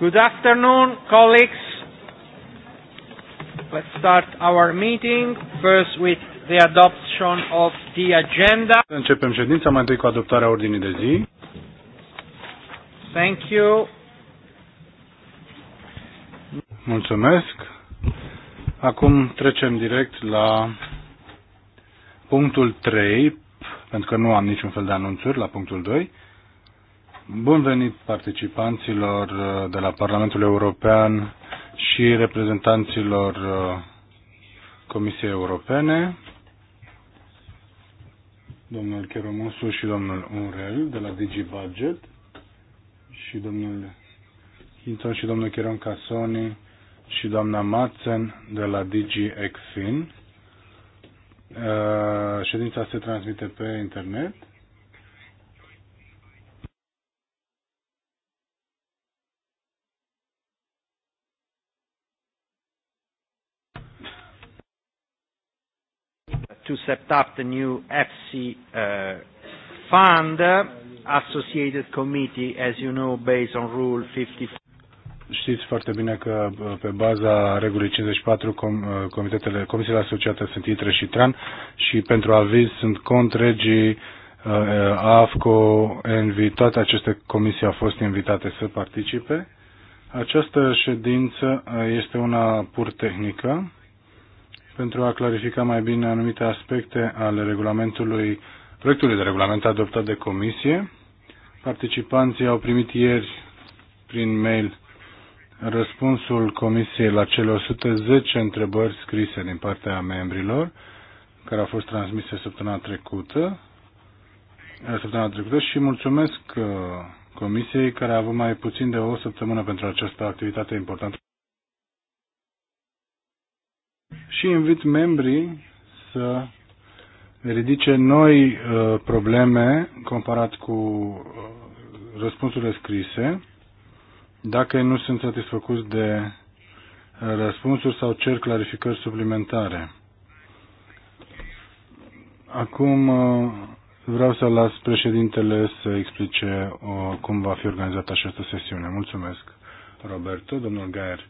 Good afternoon, colleagues. Let's start our meeting first with the adoption of the agenda. Începem ședința mai întâi cu adoptarea ordinii de zi. Thank you. Mulțumesc. Acum trecem direct la punctul 3, pentru că nu am niciun fel de anunțuri la punctul 2. Bun venit participanților uh, de la Parlamentul European și reprezentanților uh, Comisiei Europene, domnul Cheromusu și domnul Unrel de la Budget, și domnul Hinton și domnul Cheron Casoni și doamna Matzen de la Digi Exfin. Uh, ședința se transmite pe internet to set up the new EFSI uh, fund, uh, associated committee, as you know, based on Rule 54. Știți foarte bine că uh, pe baza regulii 54 com, uh, comitetele, comisiile asociate sunt ITRE și TRAN și pentru aviz sunt cont, regii, uh, AFCO, ENVI, toate aceste comisii au fost invitate să participe. Această ședință este una pur tehnică pentru a clarifica mai bine anumite aspecte ale regulamentului, proiectului de regulament adoptat de comisie. Participanții au primit ieri prin mail răspunsul comisiei la cele 110 întrebări scrise din partea membrilor, care au fost transmise săptămâna trecută, eh, săptămâna trecută și mulțumesc eh, comisiei care a avut mai puțin de o săptămână pentru această activitate importantă. și invit membrii să ridice noi uh, probleme comparat cu uh, răspunsurile scrise, dacă nu sunt satisfăcuți de uh, răspunsuri sau cer clarificări suplimentare. Acum uh, vreau să las președintele să explice uh, cum va fi organizată această sesiune. Mulțumesc, Roberto, domnul Gaier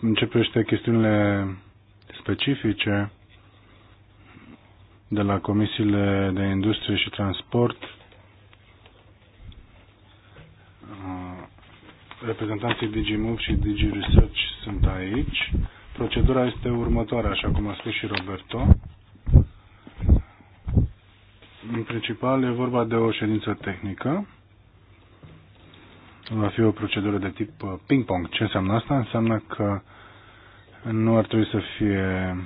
începește chestiunile specifice de la comisiile de industrie și transport, uh, reprezentanții DigiMove și DigiResearch sunt aici. Procedura este următoarea, așa cum a spus și Roberto. În principal e vorba de o ședință tehnică va fi o procedură de tip uh, ping-pong. Ce înseamnă asta? Înseamnă că nu ar trebui să fie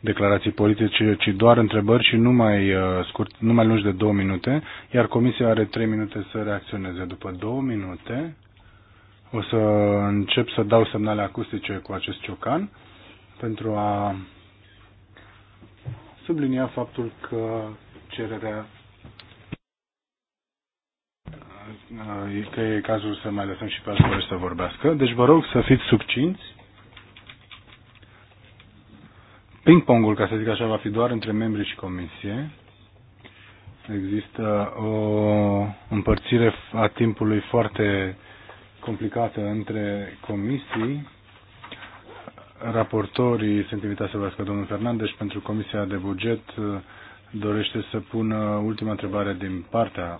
declarații politice, ci doar întrebări și nu mai, uh, scurt, nu mai lungi de două minute, iar comisia are trei minute să reacționeze. După două minute o să încep să dau semnale acustice cu acest ciocan pentru a sublinia faptul că cererea că e cazul să mai lăsăm și pe alții să vorbească. Deci vă rog să fiți subcinți. Ping-pongul, ca să zic așa, va fi doar între membri și comisie. Există o împărțire a timpului foarte complicată între comisii. Raportorii sunt invitați să vorbească domnul Fernandez pentru Comisia de Buget dorește să pună ultima întrebare din partea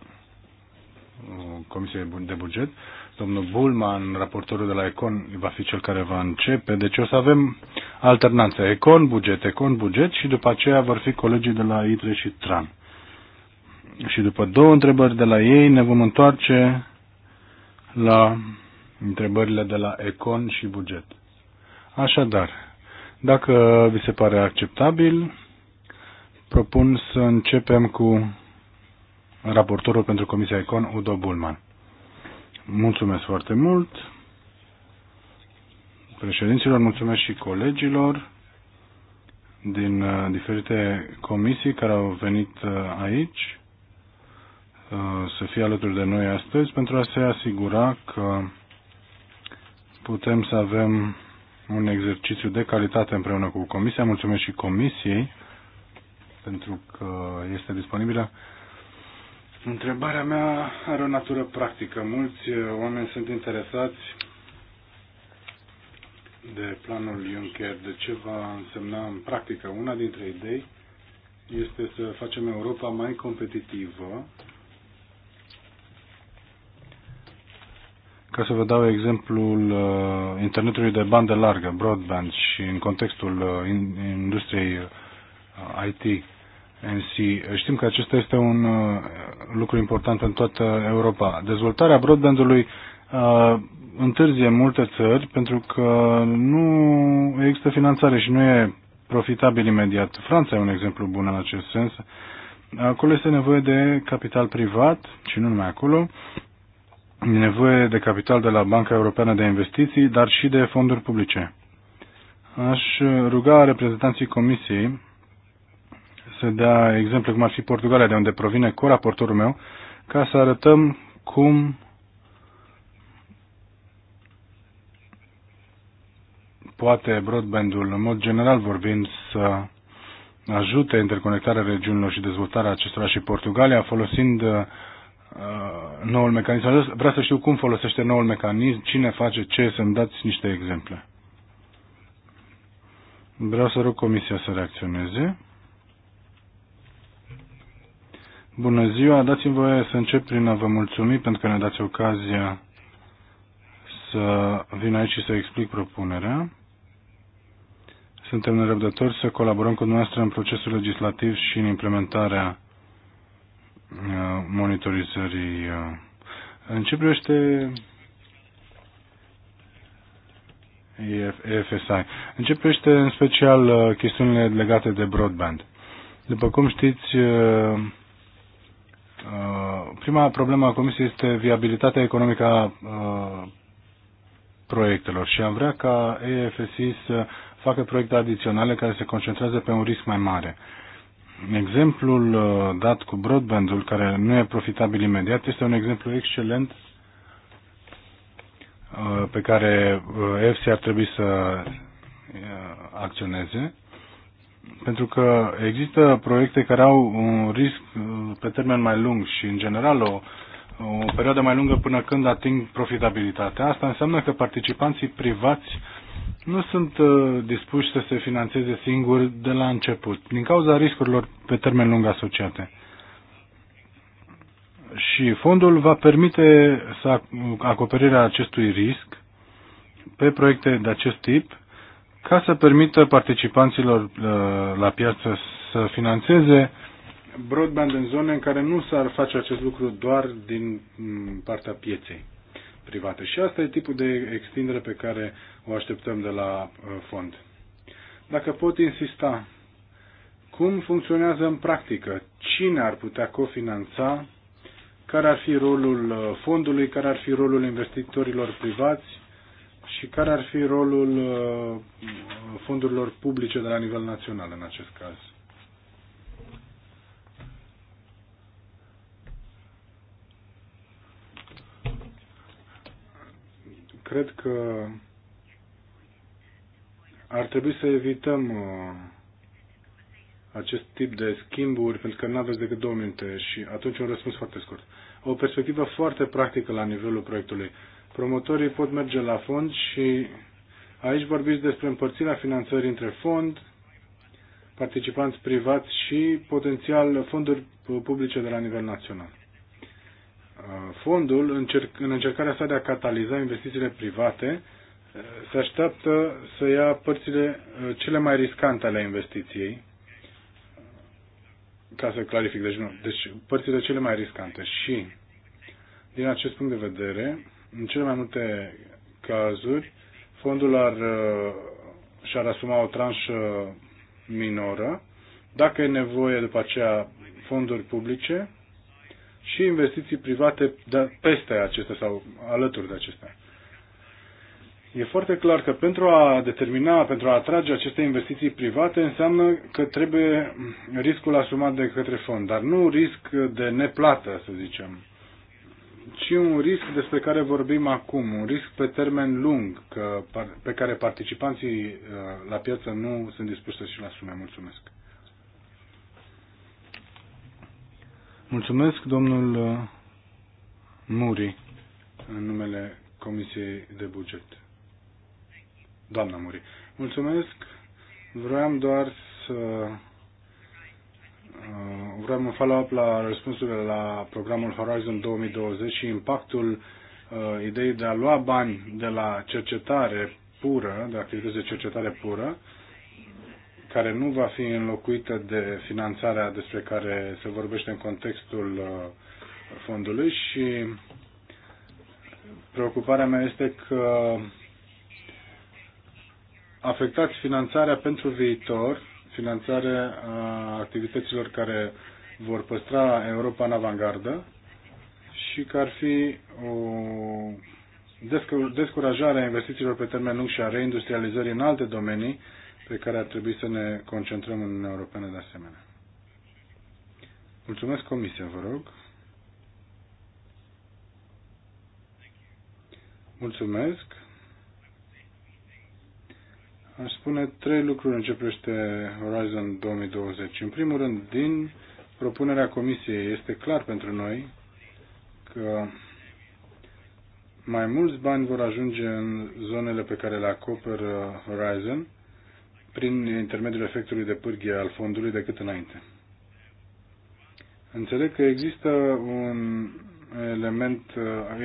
Comisiei de Buget. Domnul Bulman, raportorul de la Econ, va fi cel care va începe. Deci o să avem alternanță. Econ, buget, Econ, buget și după aceea vor fi colegii de la ITRE și TRAN. Și după două întrebări de la ei ne vom întoarce la întrebările de la Econ și buget. Așadar, dacă vi se pare acceptabil, propun să începem cu raportorul pentru Comisia Econ, Udo Bulman. Mulțumesc foarte mult președinților, mulțumesc și colegilor din uh, diferite comisii care au venit uh, aici uh, să fie alături de noi astăzi pentru a se asigura că putem să avem un exercițiu de calitate împreună cu comisia. Mulțumesc și comisiei pentru că este disponibilă. Întrebarea mea are o natură practică. Mulți eh, oameni sunt interesați de planul Juncker, de ce va însemna în practică. Una dintre idei este să facem Europa mai competitivă. Ca să vă dau exemplul uh, internetului de bandă largă, broadband, și în contextul uh, industriei uh, IT NC. Știm că acesta este un uh, lucru important în toată Europa. Dezvoltarea broadbandului uh, întârzie multe țări pentru că nu există finanțare și nu e profitabil imediat. Franța e un exemplu bun în acest sens. Acolo este nevoie de capital privat și nu numai acolo. E nevoie de capital de la Banca Europeană de Investiții, dar și de fonduri publice. Aș uh, ruga reprezentanții Comisiei să dea exemple cum ar fi Portugalia, de unde provine raportorul meu, ca să arătăm cum poate broadbandul, în mod general vorbind, să ajute interconectarea regiunilor și dezvoltarea acestora și Portugalia folosind uh, noul mecanism. Vreau să știu cum folosește noul mecanism, cine face ce, să-mi dați niște exemple. Vreau să rog Comisia să reacționeze. Bună ziua, dați-mi voie să încep prin a vă mulțumi pentru că ne dați ocazia să vin aici și să explic propunerea. Suntem nerăbdători să colaborăm cu dumneavoastră în procesul legislativ și în implementarea uh, monitorizării. Uh, în ce privește EFSI, în ce privește în special uh, chestiunile legate de broadband. După cum știți, Uh, prima problemă a Comisiei este viabilitatea economică a uh, proiectelor și am vrea ca EFSI să facă proiecte adiționale care se concentrează pe un risc mai mare. Exemplul uh, dat cu broadbandul, care nu e profitabil imediat, este un exemplu excelent pe care EFSI ar trebui să acționeze pentru că există proiecte care au un risc uh, pe termen mai lung și, în general, o, o perioadă mai lungă până când ating profitabilitatea. Asta înseamnă că participanții privați nu sunt uh, dispuși să se financeze singuri de la început, din cauza riscurilor pe termen lung asociate. Și fondul va permite să acoperirea acestui risc pe proiecte de acest tip ca să permită participanților uh, la piață să financeze broadband în zone în care nu s-ar face acest lucru doar din mm, partea pieței private. Și asta e tipul de extindere pe care o așteptăm de la uh, fond. Dacă pot insista, cum funcționează în practică? Cine ar putea cofinanța? Care ar fi rolul uh, fondului? Care ar fi rolul investitorilor privați? Și care ar fi rolul uh, fondurilor publice de la nivel național în acest caz? Cred că ar trebui să evităm uh, acest tip de schimburi, pentru că nu aveți decât două minute și atunci un răspuns foarte scurt. O perspectivă foarte practică la nivelul proiectului. Promotorii pot merge la fond și aici vorbiți despre împărțirea finanțării între fond, participanți privați și potențial fonduri publice de la nivel național. Fondul, în încercarea sa de a cataliza investițiile private, se așteaptă să ia părțile uh, cele mai riscante ale investiției, ca să clarific, deci, nu, deci părțile cele mai riscante și din acest punct de vedere, în cele mai multe cazuri, fondul ar, uh, și-ar asuma o tranșă minoră, dacă e nevoie după aceea fonduri publice și investiții private peste acestea sau alături de acestea. E foarte clar că pentru a determina, pentru a atrage aceste investiții private, înseamnă că trebuie riscul asumat de către fond, dar nu risc de neplată, să zicem ci un risc despre care vorbim acum, un risc pe termen lung, că, pe care participanții uh, la piață nu sunt dispuși să și asume. Mulțumesc. Mulțumesc, domnul uh, Muri, în numele Comisiei de Buget. Doamna Muri. Mulțumesc. Vreau doar să Uh, vreau un follow-up la răspunsurile la programul Horizon 2020 și impactul uh, ideii de a lua bani de la cercetare pură, de activități de cercetare pură, care nu va fi înlocuită de finanțarea despre care se vorbește în contextul uh, fondului și preocuparea mea este că afectați finanțarea pentru viitor finanțare a activităților care vor păstra Europa în avangardă și că ar fi o descurajare a investițiilor pe termen lung și a reindustrializării în alte domenii pe care ar trebui să ne concentrăm în Uniunea Europeană de asemenea. Mulțumesc Comisia, vă rog. Mulțumesc. Aș spune trei lucruri în ce privește Horizon 2020. În primul rând, din propunerea Comisiei este clar pentru noi că mai mulți bani vor ajunge în zonele pe care le acoperă Horizon prin intermediul efectului de pârghie al fondului decât înainte. Înțeleg că există un element,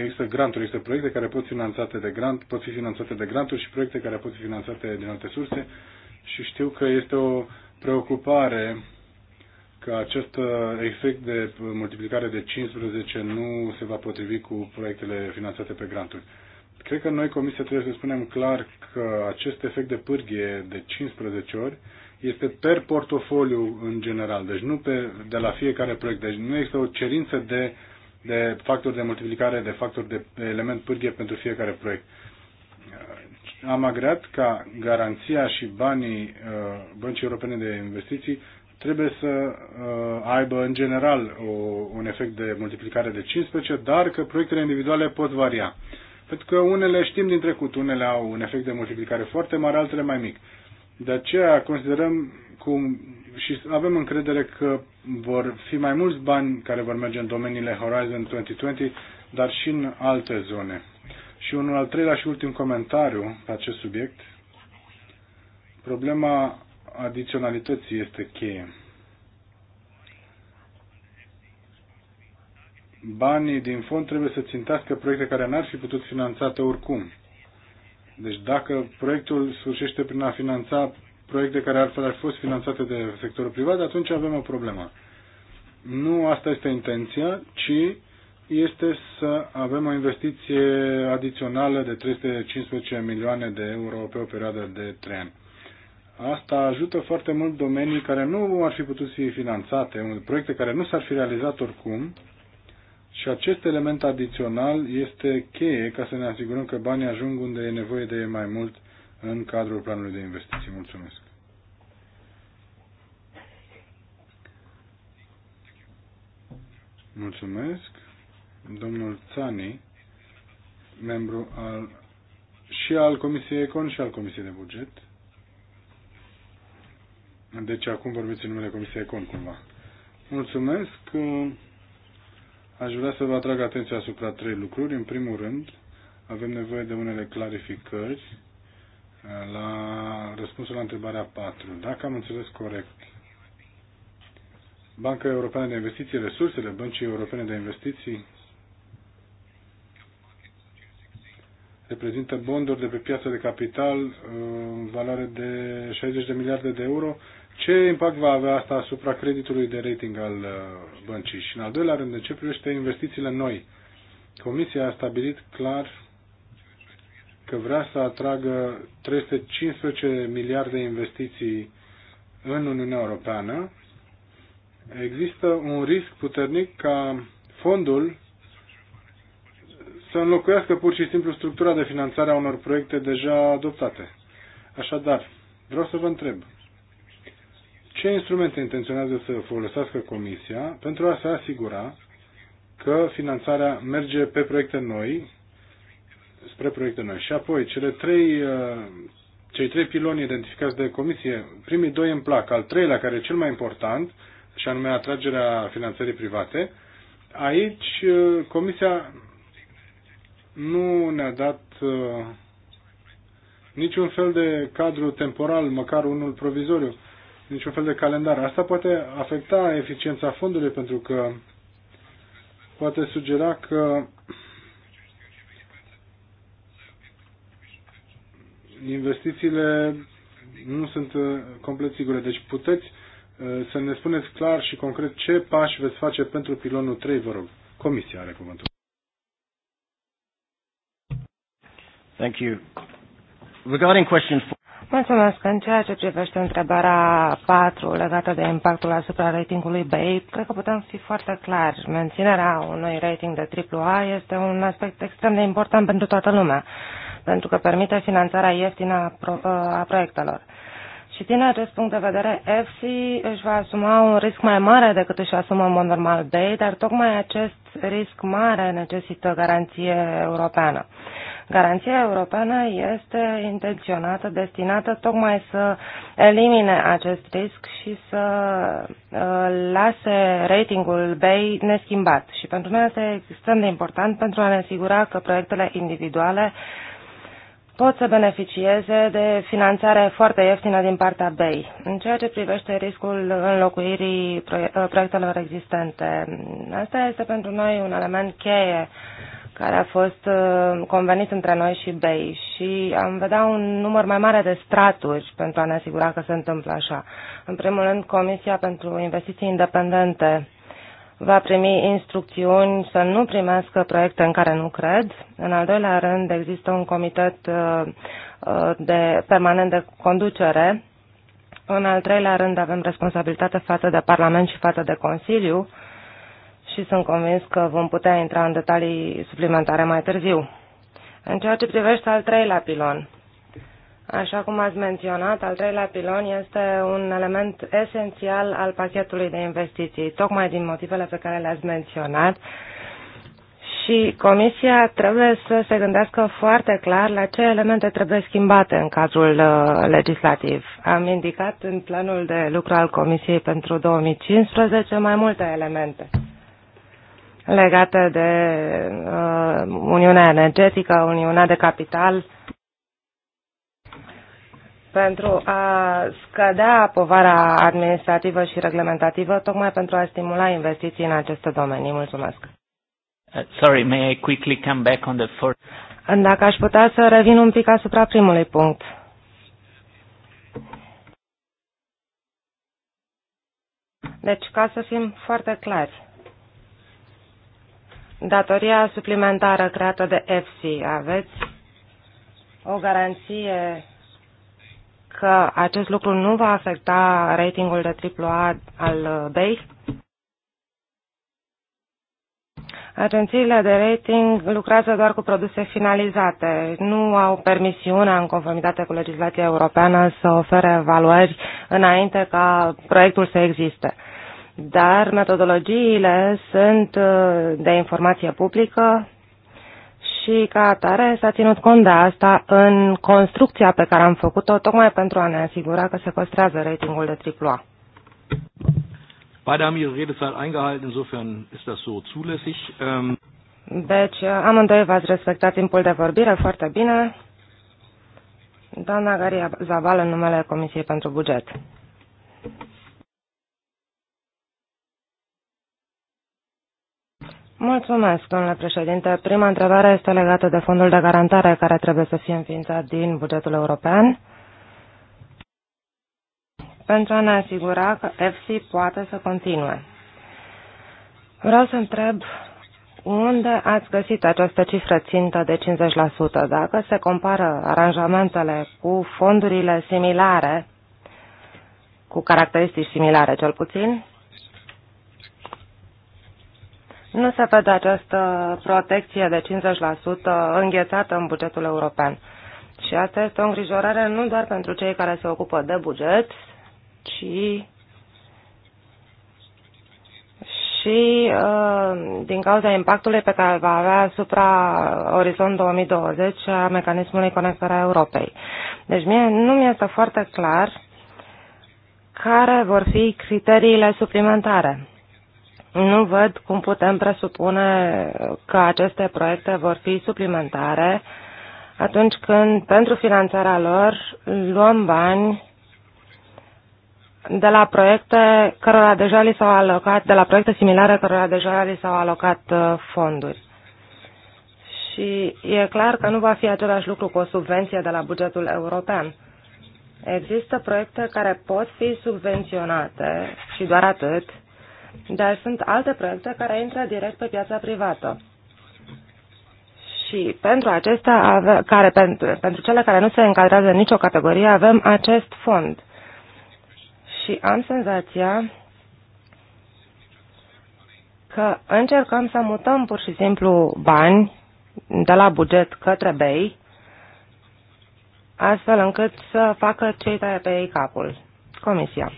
există granturi, există proiecte care pot, finanțate de grant, pot fi finanțate de granturi și proiecte care pot fi finanțate din alte surse și știu că este o preocupare că acest efect de multiplicare de 15 nu se va potrivi cu proiectele finanțate pe granturi. Cred că noi, Comisia, trebuie să spunem clar că acest efect de pârghie de 15 ori este per portofoliu în general, deci nu pe, de la fiecare proiect. Deci nu există o cerință de uh, de factori de multiplicare, de factori de element pârghie pentru fiecare proiect. Am agreat ca garanția și banii uh, Băncii Europene de Investiții trebuie să uh, aibă în general un efect de multiplicare de 15, dar că proiectele individuale pot varia. Pentru că unele știm din trecut, unele au un efect de multiplicare foarte mare, altele mai mic. De aceea considerăm cum și avem încredere că vor fi mai mulți bani care vor merge în domeniile Horizon 2020, dar și în alte zone. Și unul al treilea și ultim comentariu pe acest subiect. Problema adiționalității este cheie. Banii din fond trebuie să țintească proiecte care n-ar fi putut finanțate oricum. Deci dacă proiectul sfârșește prin a finanța proiecte care altfel ar fi fost finanțate de sectorul privat, atunci avem o problemă. Nu asta este intenția, ci este să avem o investiție adițională de 315 milioane de euro pe o perioadă de 3 ani. Asta ajută foarte mult domenii care nu ar fi putut fi finanțate, proiecte care nu s-ar fi realizat oricum și acest element adițional este cheie ca să ne asigurăm că banii ajung unde e nevoie de mai mult în cadrul planului de investiții. Mulțumesc! Mulțumesc. Domnul Țani, membru al, și al Comisiei Econ și al Comisiei de Buget. Deci acum vorbiți în numele Comisiei Econ, cumva. Mulțumesc. Aș vrea să vă atrag atenția asupra trei lucruri. În primul rând, avem nevoie de unele clarificări la răspunsul la întrebarea 4. Dacă am înțeles corect, Banca Europeană de Investiții, resursele Băncii Europene de Investiții reprezintă bonduri de pe piața de capital uh, în valoare de 60 de miliarde de euro. Ce impact va avea asta asupra creditului de rating al uh, băncii? Și în al doilea rând, în ce privește investițiile noi? Comisia a stabilit clar că vrea să atragă 315 miliarde investiții în Uniunea Europeană există un risc puternic ca fondul să înlocuiască pur și simplu structura de finanțare a unor proiecte deja adoptate. Așadar, vreau să vă întreb, ce instrumente intenționează să folosească Comisia pentru a se asigura că finanțarea merge pe proiecte noi, spre proiecte noi. Și apoi, cele trei, uh, cei trei piloni identificați de Comisie, primii doi îmi plac, al treilea, care e cel mai important, și anume atragerea finanțării private. Aici uh, Comisia nu ne-a dat uh, niciun fel de cadru temporal, măcar unul provizoriu, niciun fel de calendar. Asta poate afecta eficiența fondului pentru că poate sugera că investițiile nu sunt uh, complet sigure. Deci puteți Eh, să ne spuneți clar și concret ce pași veți face pentru pilonul 3, vă rog. Comisia are cuvântul. Thank you. Regarding question four, Mulțumesc. În ceea ce privește întrebarea 4 legată de impactul asupra ratingului BEI, cred că putem fi foarte clari. Menținerea unui rating de AAA este un aspect extrem de important pentru toată lumea, pentru că permite finanțarea ieftină a proiectelor. Și din acest punct de vedere, EFSI își va asuma un risc mai mare decât își asumă în mod normal BEI, dar tocmai acest risc mare necesită garanție europeană. Garanția europeană este intenționată, destinată tocmai să elimine acest risc și să uh, lase ratingul BEI neschimbat. Și pentru mine este extrem de important pentru a ne asigura că proiectele individuale uh, pot să beneficieze de finanțare foarte ieftină din partea BEI. În ceea ce privește riscul înlocuirii ă, proiectelor existente, asta este pentru noi un element cheie care a fost ă, convenit între noi și BEI și am vedea un număr mai mare de straturi pentru a ne asigura că se întâmplă așa. În primul rând, Comisia pentru Investiții Independente va primi instrucțiuni să nu primească proiecte în care nu cred. În al doilea rând, există un comitet uh, uh, de, permanent de conducere. În al treilea rând, avem responsabilitate față de Parlament și față de Consiliu și sunt convins că vom putea intra în detalii suplimentare mai târziu. În ceea ce privește al treilea pilon, Așa cum ați menționat, al treilea pilon este un element esențial al pachetului de investiții, tocmai din motivele pe care le-ați menționat. Și Comisia trebuie să se gândească foarte clar la ce elemente trebuie schimbate în cadrul uh, legislativ. Am indicat în planul de lucru al Comisiei pentru 2015 mai multe elemente legate de uh, Uniunea Energetică, Uniunea de Capital, pentru a scădea povara administrativă și reglementativă, tocmai pentru a stimula investiții în aceste domenii. Mulțumesc. Uh, sorry, may I quickly come back on the first... Dacă aș putea să revin un pic asupra primului punct. Deci, ca să fim foarte clari, datoria suplimentară creată de EFSI, aveți o garanție că acest lucru nu va afecta ratingul de AAA al uh, BEI? Agențiile de rating lucrează doar cu produse finalizate. Nu au permisiunea, în conformitate cu legislația europeană, să ofere evaluări înainte ca proiectul să existe. Dar metodologiile sunt uh, de informație publică și ca atare s-a ținut cont de asta în construcția pe care am făcut-o, tocmai pentru a ne asigura că se păstrează ratingul de AAA. Beide haben ihre Redezeit eingehalten, insofern ist das so zulässig. Ähm deci, amândoi v-ați respectat timpul de vorbire foarte bine. Doamna Garia Zaval, în numele Comisiei pentru Buget. Mulțumesc, domnule președinte. Prima întrebare este legată de fondul de garantare care trebuie să fie înființat din bugetul european pentru a ne asigura că EFSI poate să continue. Vreau să întreb unde ați găsit această cifră țintă de 50%? Dacă se compară aranjamentele cu fondurile similare, cu caracteristici similare cel puțin, nu se vede această protecție de 50% înghețată în bugetul european. Și asta este o îngrijorare nu doar pentru cei care se ocupă de buget, ci și uh, din cauza impactului pe care va avea asupra Orizont 2020 a mecanismului conectarea Europei. Deci mie nu mi-este foarte clar care vor fi criteriile suplimentare nu văd cum putem presupune că aceste proiecte vor fi suplimentare atunci când, pentru finanțarea lor, luăm bani de la proiecte cărora deja li s-au alocat, de la proiecte similare cărora deja li s-au alocat uh, fonduri. Și e clar că nu va fi același lucru cu o subvenție de la bugetul european. Există proiecte care pot fi subvenționate și doar atât, dar sunt alte proiecte care intră direct pe piața privată. Și pentru acestea, care, pentru, pentru cele care nu se încadrează în nicio categorie, avem acest fond. Și am senzația că încercăm să mutăm pur și simplu bani de la buget către bei, astfel încât să facă cei tăie pe ei capul, comisia.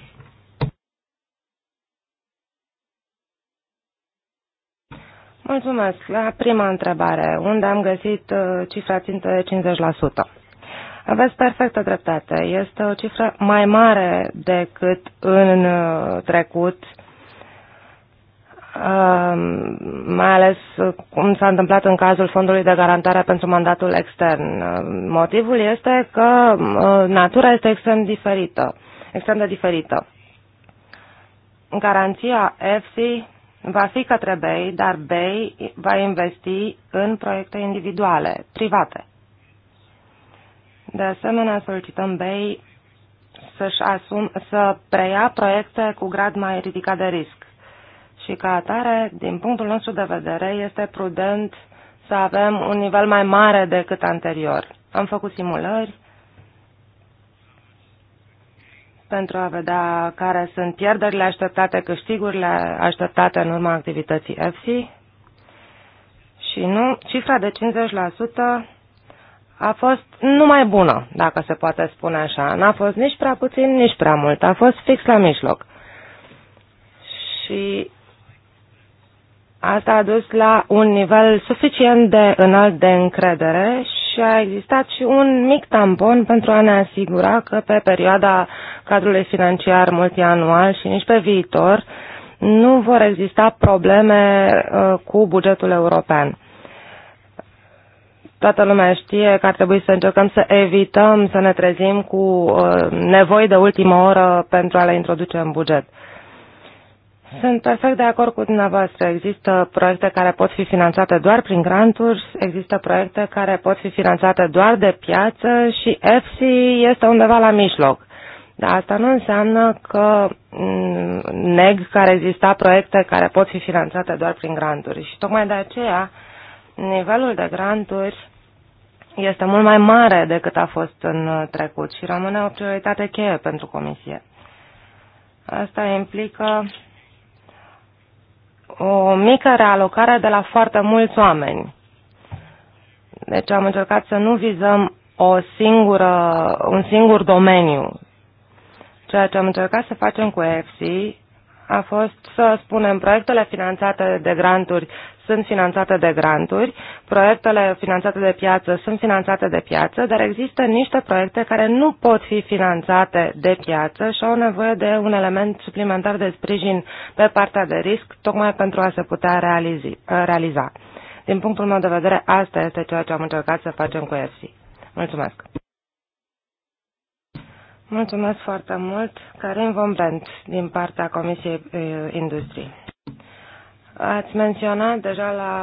Mulțumesc. La prima întrebare, unde am găsit uh, cifra țintă de 50%? Aveți perfectă dreptate. Este o cifră mai mare decât în uh, trecut, um, mai ales uh, cum s-a întâmplat în cazul Fondului de Garantare pentru Mandatul Extern. Motivul este că natura este extrem diferită, extrem de diferită. Garanția EFSI va fi către BEI, dar BEI va investi în proiecte individuale, private. De asemenea, solicităm BEI să-și asum, să preia proiecte cu grad mai ridicat de risc. Și ca atare, din punctul nostru de vedere, este prudent să avem un nivel mai mare decât anterior. Am făcut simulări pentru a vedea care sunt pierderile așteptate, câștigurile așteptate în urma activității EFSI. Și nu, cifra de 50% a fost numai bună, dacă se poate spune așa. N-a fost nici prea puțin, nici prea mult. A fost fix la mijloc. Și asta a dus la un nivel suficient de înalt de încredere și a existat și un mic tampon pentru a ne asigura că pe perioada cadrului financiar multianual și nici pe viitor nu vor exista probleme uh, cu bugetul european toată lumea știe că ar trebui să încercăm să evităm să ne trezim cu uh, nevoi de ultimă oră pentru a le introduce în buget. Sunt perfect de acord cu dumneavoastră. Există proiecte care pot fi finanțate doar prin granturi, există proiecte care pot fi finanțate doar de piață și EFSI este undeva la mijloc. Dar asta nu înseamnă că mm, neg că ar exista proiecte care pot fi finanțate doar prin granturi. Și tocmai de aceea nivelul de granturi este mult mai mare decât a fost în trecut și rămâne o prioritate cheie pentru Comisie. Asta implică o mică realocare de la foarte mulți oameni. Deci am încercat să nu vizăm o singură, un singur domeniu. Ceea ce am încercat să facem cu EFSI a fost să spunem proiectele finanțate de granturi sunt finanțate de granturi, proiectele finanțate de piață sunt finanțate de piață, dar există niște proiecte care nu pot fi finanțate de piață și au nevoie de un element suplimentar de sprijin pe partea de risc, tocmai pentru a se putea realizi, realiza. Din punctul meu de vedere, asta este ceea ce am încercat să facem cu ESI. Mulțumesc! Mulțumesc foarte mult, Karin Vombrent, din partea Comisiei eh, Industriei. Ați menționat deja la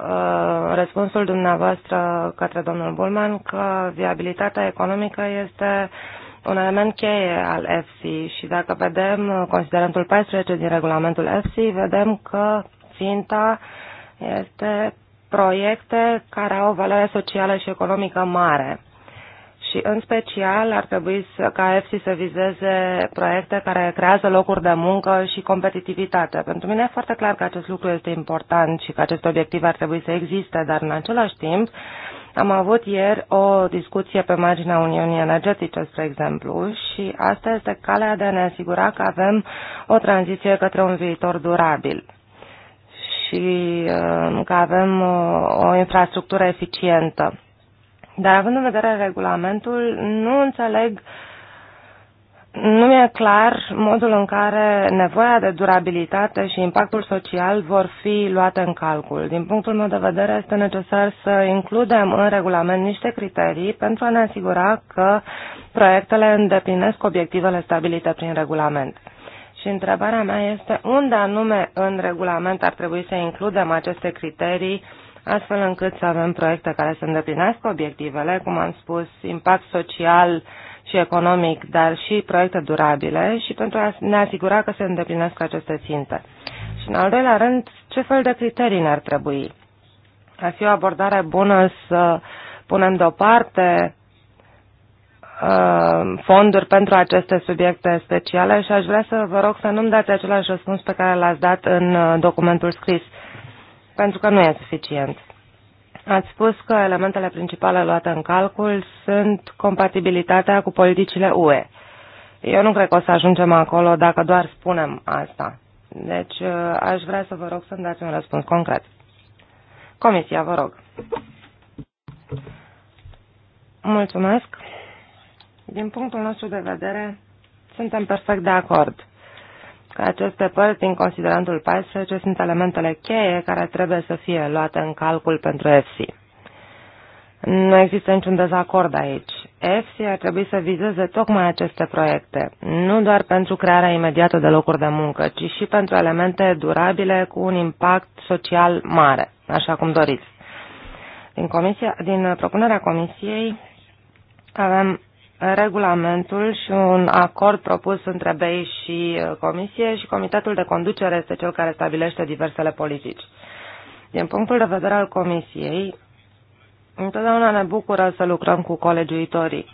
uh, răspunsul dumneavoastră către domnul Bulman că viabilitatea economică este un element cheie al EFSI și dacă vedem considerentul 14 din regulamentul EFSI, vedem că ținta este proiecte care au o valoare socială și economică mare și în special ar trebui să, ca EFSI să vizeze proiecte care creează locuri de muncă și competitivitate. Pentru mine e foarte clar că acest lucru este important și că acest obiectiv ar trebui să existe, dar în același timp am avut ieri o discuție pe marginea Uniunii Energetice, spre exemplu, și asta este calea de a ne asigura că avem o tranziție către un viitor durabil și uh, că avem o, uh, o infrastructură eficientă. Dar având în vedere regulamentul, nu înțeleg, nu mi-e clar modul în care nevoia de durabilitate și impactul social vor fi luate în calcul. Din punctul meu de vedere, este necesar să includem în regulament niște criterii pentru a ne asigura că proiectele îndeplinesc obiectivele stabilite prin regulament. Și întrebarea mea este unde anume în regulament ar trebui să includem aceste criterii uh, astfel încât să avem proiecte care să îndeplinească obiectivele, cum am spus, impact social și economic, dar și proiecte durabile și pentru a ne asigura că se îndeplinesc aceste ținte. Și în al doilea rând, ce fel de criterii ne-ar trebui? Ar fi o abordare bună să punem deoparte uh, fonduri pentru aceste subiecte speciale și aș vrea să vă rog să nu-mi dați același răspuns pe care l-ați dat în uh, documentul scris pentru că nu e suficient. Ați spus că elementele principale luate în calcul sunt compatibilitatea cu politicile UE. Eu nu cred că o să ajungem acolo dacă doar spunem asta. Deci uh, aș vrea să vă rog să-mi dați un răspuns concret. Comisia, vă rog. Mulțumesc. Din punctul nostru de vedere, suntem perfect de acord că aceste părți din considerantul 14 sunt elementele cheie care trebuie să fie luate în calcul pentru EFSI. Nu există niciun dezacord aici. EFSI ar trebui să vizeze tocmai aceste proiecte, nu doar pentru crearea imediată de locuri de muncă, ci și pentru elemente durabile cu un impact social mare, așa cum doriți. Din, comisia, din propunerea comisiei avem regulamentul și un acord propus între BEI și uh, Comisie și Comitetul de Conducere este cel care stabilește diversele politici. Din punctul de vedere al Comisiei, întotdeauna ne bucură să lucrăm cu colegiuitorii.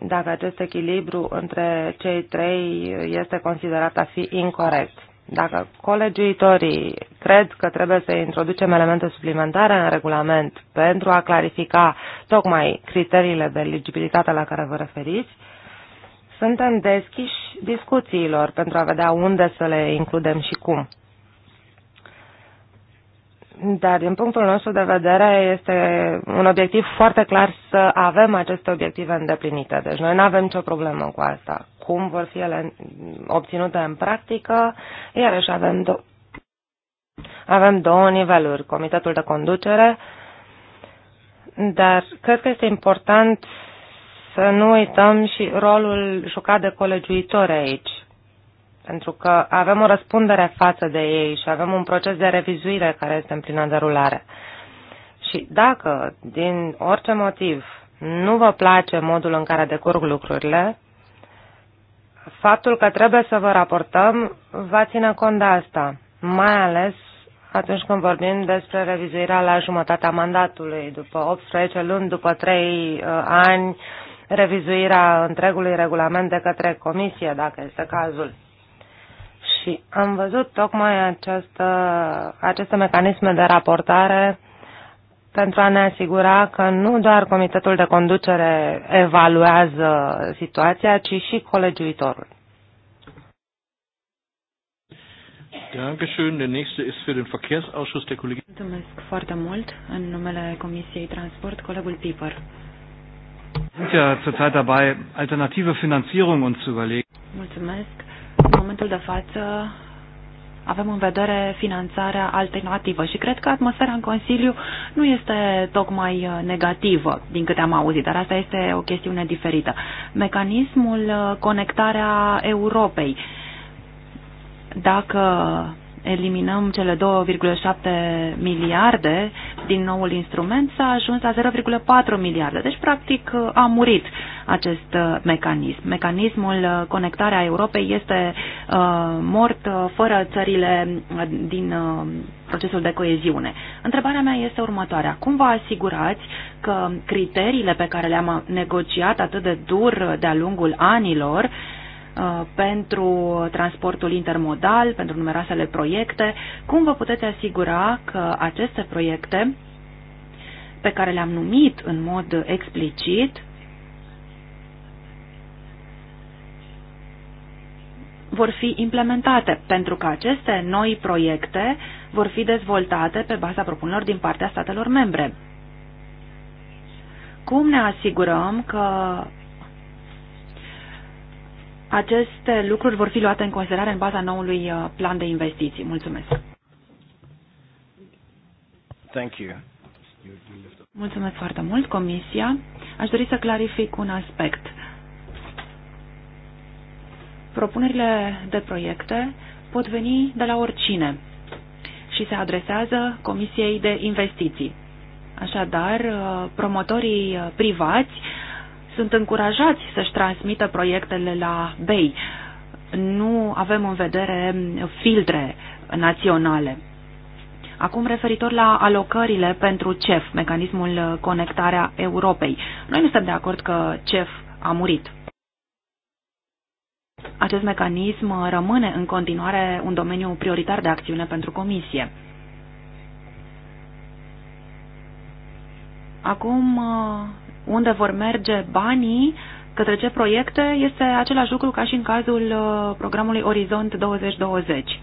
Dacă acest echilibru între cei trei este considerat a fi incorrect. Dacă colegiuitorii cred că trebuie să introducem elemente suplimentare în regulament pentru a clarifica tocmai criteriile de eligibilitate la care vă referiți, suntem deschiși discuțiilor pentru a vedea unde să le includem și cum. Dar din punctul nostru de vedere este un obiectiv foarte clar să avem aceste obiective îndeplinite. Deci noi nu avem nicio problemă cu asta. Cum vor fi ele obținute în practică, iarăși avem, do- avem două niveluri. Comitetul de conducere, dar cred că este important să nu uităm și rolul jucat de colegiuitori aici pentru că avem o răspundere față de ei și avem un proces de revizuire care este în plină derulare. Și dacă, din orice motiv, nu vă place modul în care decurg lucrurile, faptul că trebuie să vă raportăm va ține cont de asta, mai ales atunci când vorbim despre revizuirea la jumătatea mandatului, după 18 luni, după 3 uh, ani, revizuirea întregului regulament de către comisie, dacă este cazul. Și am văzut tocmai această, aceste mecanisme de raportare pentru a ne asigura că nu doar comitetul de conducere evaluează situația, ci și colegiuitorul. viitorul. Mulțumesc foarte mult în numele Comisiei Transport, colegul Piper. Sind ja zurzeit dabei, alternative Finanzierungen zu überlegen. Mulțumesc. În momentul de față avem în vedere finanțarea alternativă și cred că atmosfera în Consiliu nu este tocmai uh, negativă, din câte am auzit, dar asta este o chestiune diferită. Mecanismul uh, conectarea Europei. Dacă eliminăm cele 2,7 miliarde din noul instrument, s-a ajuns la 0,4 miliarde. Deci, practic, uh, a murit acest uh, mecanism. Mecanismul uh, Conectarea Europei este uh, mort fără țările din procesul de coeziune. Întrebarea mea este următoarea. Cum vă asigurați că criteriile pe care le-am negociat atât de dur de-a lungul anilor pentru transportul intermodal, pentru numeroasele proiecte. Cum vă puteți asigura că aceste proiecte pe care le-am numit în mod explicit vor fi implementate, pentru că aceste noi proiecte vor fi dezvoltate pe baza propunerilor din partea statelor membre. Cum ne asigurăm că aceste lucruri vor fi luate în considerare în baza noului uh, plan de investiții? Mulțumesc! Thank you. Mulțumesc foarte mult, Comisia. Aș dori să clarific un aspect. Propunerile de proiecte pot veni de la oricine și se adresează Comisiei de Investiții. Așadar, promotorii privați sunt încurajați să-și transmită proiectele la BEI. Nu avem în vedere filtre naționale. Acum referitor la alocările pentru CEF, mecanismul Conectarea Europei. Noi nu suntem de acord că CEF a murit. Acest mecanism rămâne în continuare un domeniu prioritar de acțiune pentru Comisie. Acum, uh, unde vor merge banii către ce proiecte este același lucru ca și în cazul uh, programului Orizont 2020.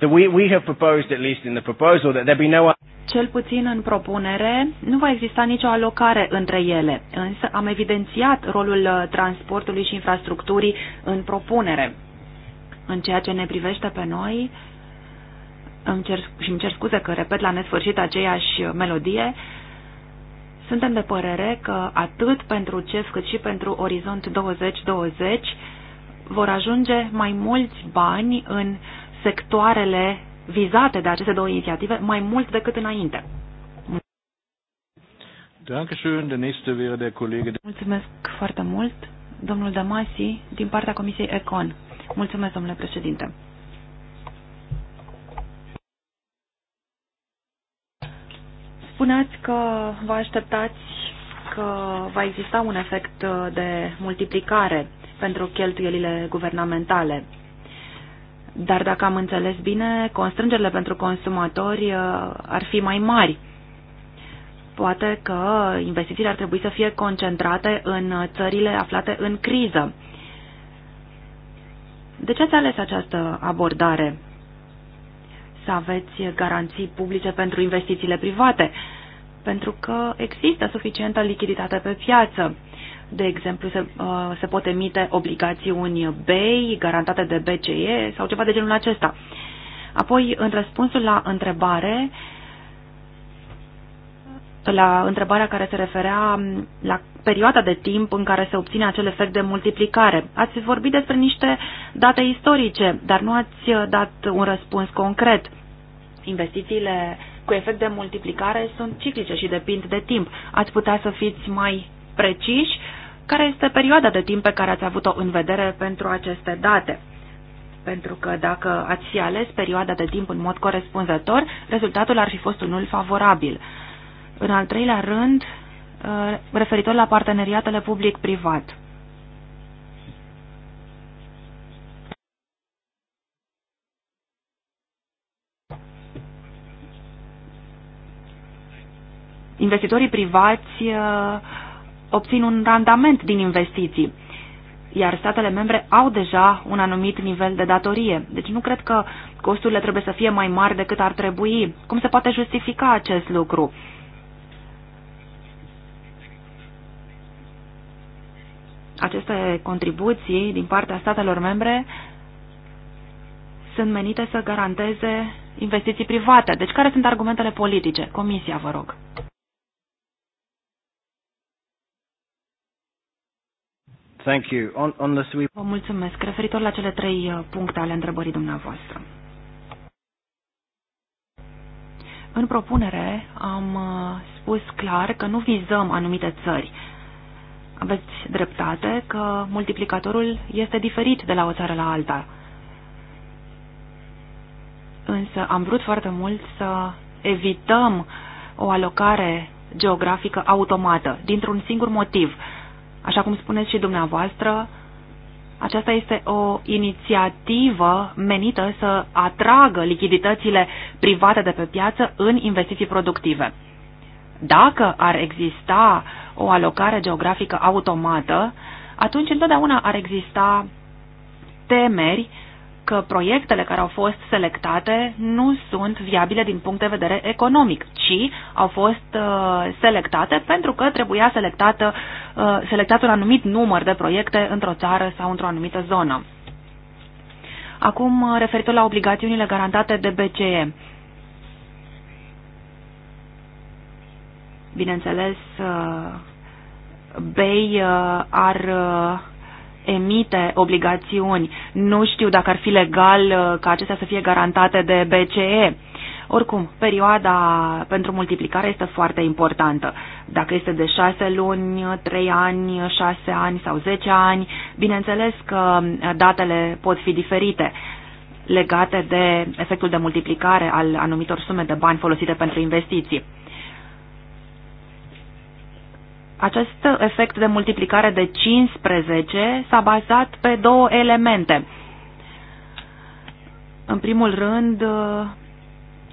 we, we have proposed, at least in the proposal, that there be no cel puțin în propunere nu va exista nicio alocare între ele, însă am evidențiat rolul uh, transportului și infrastructurii în propunere. În ceea ce ne privește pe noi, îmi cer, și îmi cer scuze că repet la nesfârșit aceeași melodie, suntem de părere că atât pentru CEF cât și pentru Orizont 2020 vor ajunge mai mulți bani în sectoarele vizate de aceste două inițiative mai mult decât înainte. Mulțumesc foarte mult, domnul Damasi, din partea Comisiei Econ. Mulțumesc, domnule președinte. Spuneați că vă așteptați că va exista un efect de multiplicare pentru cheltuielile guvernamentale dar dacă am înțeles bine, constrângerile pentru consumatori uh, ar fi mai mari. Poate că investițiile ar trebui să fie concentrate în țările aflate în criză. De ce ați ales această abordare? Să aveți garanții publice pentru investițiile private, pentru că există suficientă lichiditate pe piață de exemplu, se, uh, se pot emite obligațiuni BEI garantate de BCE sau ceva de genul acesta. Apoi, în răspunsul la întrebare, la întrebarea care se referea la perioada de timp în care se obține acel efect de multiplicare. Ați vorbit despre niște date istorice, dar nu ați dat un răspuns concret. Investițiile cu efect de multiplicare sunt ciclice și depind de timp. Ați putea să fiți mai preciși care este perioada de timp pe care ați avut-o în vedere pentru aceste date? Pentru că dacă ați fi ales perioada de timp în mod corespunzător, rezultatul ar fi fost unul favorabil. În al treilea rând, uh, referitor la parteneriatele public-privat. Investitorii privați uh, obțin un randament din investiții, iar statele membre au deja un anumit nivel de datorie. Deci nu cred că costurile trebuie să fie mai mari decât ar trebui. Cum se poate justifica acest lucru? Aceste contribuții din partea statelor membre sunt menite să garanteze investiții private. Deci care sunt argumentele politice? Comisia, vă rog. Thank you. On, on the sweep... Vă mulțumesc. Referitor la cele trei uh, puncte ale întrebării dumneavoastră. În propunere am uh, spus clar că nu vizăm anumite țări. Aveți dreptate că multiplicatorul este diferit de la o țară la alta. Însă am vrut foarte mult să evităm o alocare geografică automată, dintr-un singur motiv – Așa cum spuneți și dumneavoastră, aceasta este o inițiativă menită să atragă lichiditățile private de pe piață în investiții productive. Dacă ar exista o alocare geografică automată, atunci întotdeauna ar exista temeri că proiectele care au fost selectate nu sunt viabile din punct de vedere economic, ci au fost uh, selectate pentru că trebuia selectată, uh, selectat un anumit număr de proiecte într-o țară sau într-o anumită zonă. Acum, uh, referitor la obligațiunile garantate de BCE. Bineînțeles, BEI ar emite obligațiuni. Nu știu dacă ar fi legal uh, ca acestea să fie garantate de BCE. Oricum, perioada pentru multiplicare este foarte importantă. Dacă este de 6 luni, 3 ani, 6 ani sau 10 ani, bineînțeles că uh, datele pot fi diferite legate de efectul de multiplicare al anumitor sume de bani folosite pentru investiții. Acest efect de multiplicare de 15 s-a bazat pe două elemente. În primul rând,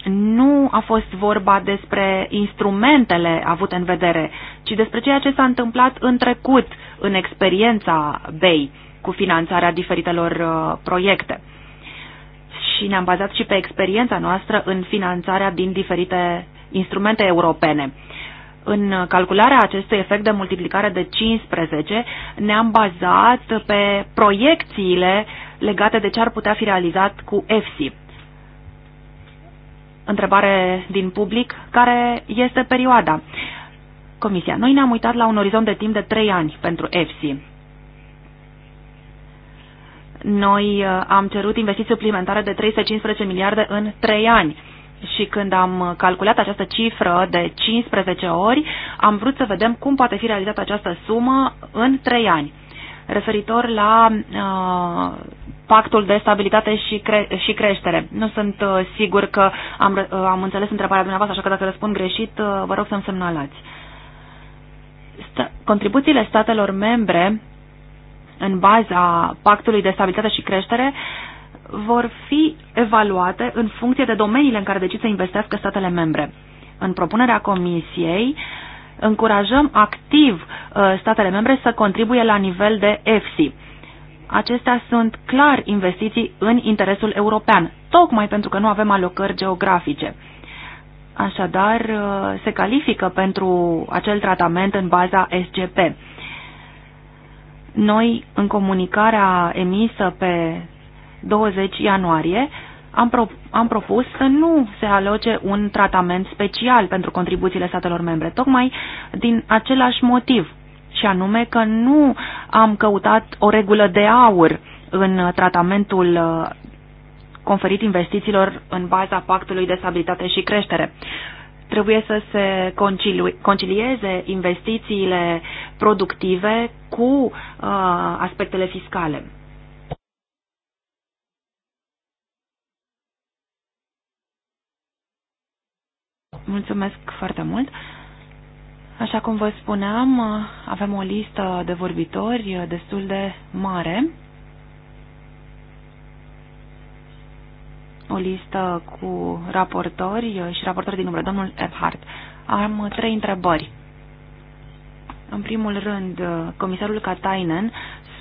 nu a fost vorba despre instrumentele avute în vedere, ci despre ceea ce s-a întâmplat în trecut, în experiența BEI, cu finanțarea diferitelor uh, proiecte. Și ne-am bazat și pe experiența noastră în finanțarea din diferite instrumente europene. În calcularea acestui efect de multiplicare de 15 ne-am bazat pe proiecțiile legate de ce ar putea fi realizat cu EFSI. Întrebare din public, care este perioada? Comisia, noi ne-am uitat la un orizont de timp de 3 ani pentru EFSI. Noi uh, am cerut investiții suplimentare de 315 miliarde în 3 ani și când am calculat această cifră de 15 ori, am vrut să vedem cum poate fi realizată această sumă în 3 ani. Referitor la uh, pactul de stabilitate și, cre- și creștere. Nu sunt uh, sigur că am, uh, am înțeles întrebarea dumneavoastră, așa că dacă răspund greșit, uh, vă rog să-mi semnalați. St- contribuțiile statelor membre în baza pactului de stabilitate și creștere vor fi evaluate în funcție de domeniile în care decid să investească statele membre. În propunerea Comisiei, încurajăm activ uh, statele membre să contribuie la nivel de EFSI. Acestea sunt clar investiții în interesul european, tocmai pentru că nu avem alocări geografice. Așadar, uh, se califică pentru acel tratament în baza SGP. Noi, în comunicarea emisă pe 20 ianuarie, am, pro am propus să nu se aloce un tratament special pentru contribuțiile statelor membre, tocmai din același motiv, și anume că nu am căutat o regulă de aur în tratamentul uh, conferit investițiilor în baza Pactului de Stabilitate și Creștere. Trebuie să se concilieze investițiile productive cu uh, aspectele fiscale. Mulțumesc foarte mult. Așa cum vă spuneam, avem o listă de vorbitori destul de mare. O listă cu raportori și raportori din umbră. Domnul Ebhardt, am trei întrebări. În primul rând, comisarul Katainen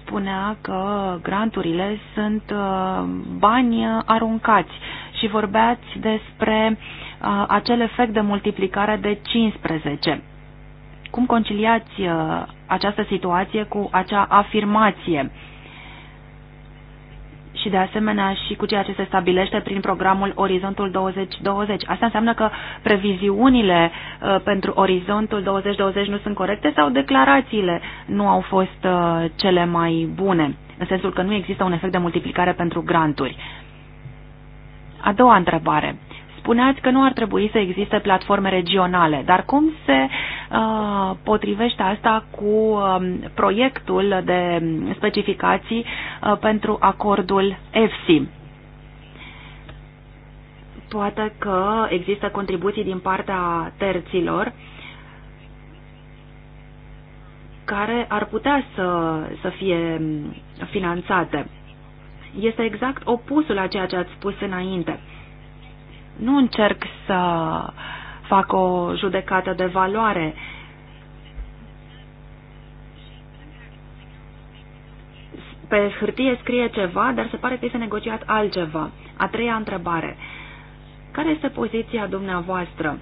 spunea că granturile sunt uh, bani aruncați și vorbeați despre uh, acel efect de multiplicare de 15. Cum conciliați această situație cu acea afirmație? și de asemenea și cu ceea ce se stabilește prin programul Orizontul 2020. Asta înseamnă că previziunile uh, pentru Orizontul 2020 nu sunt corecte sau declarațiile nu au fost uh, cele mai bune, în sensul că nu există un efect de multiplicare pentru granturi. A doua întrebare. Spuneați că nu ar trebui să existe platforme regionale, dar cum se uh, potrivește asta cu uh, proiectul de specificații uh, pentru acordul EFSI? Poate că există contribuții din partea terților care ar putea să, să fie finanțate. Este exact opusul a ceea ce ați spus înainte. Nu încerc să fac o judecată de valoare. Pe hârtie scrie ceva, dar se pare că este negociat altceva. A treia întrebare. Care este poziția dumneavoastră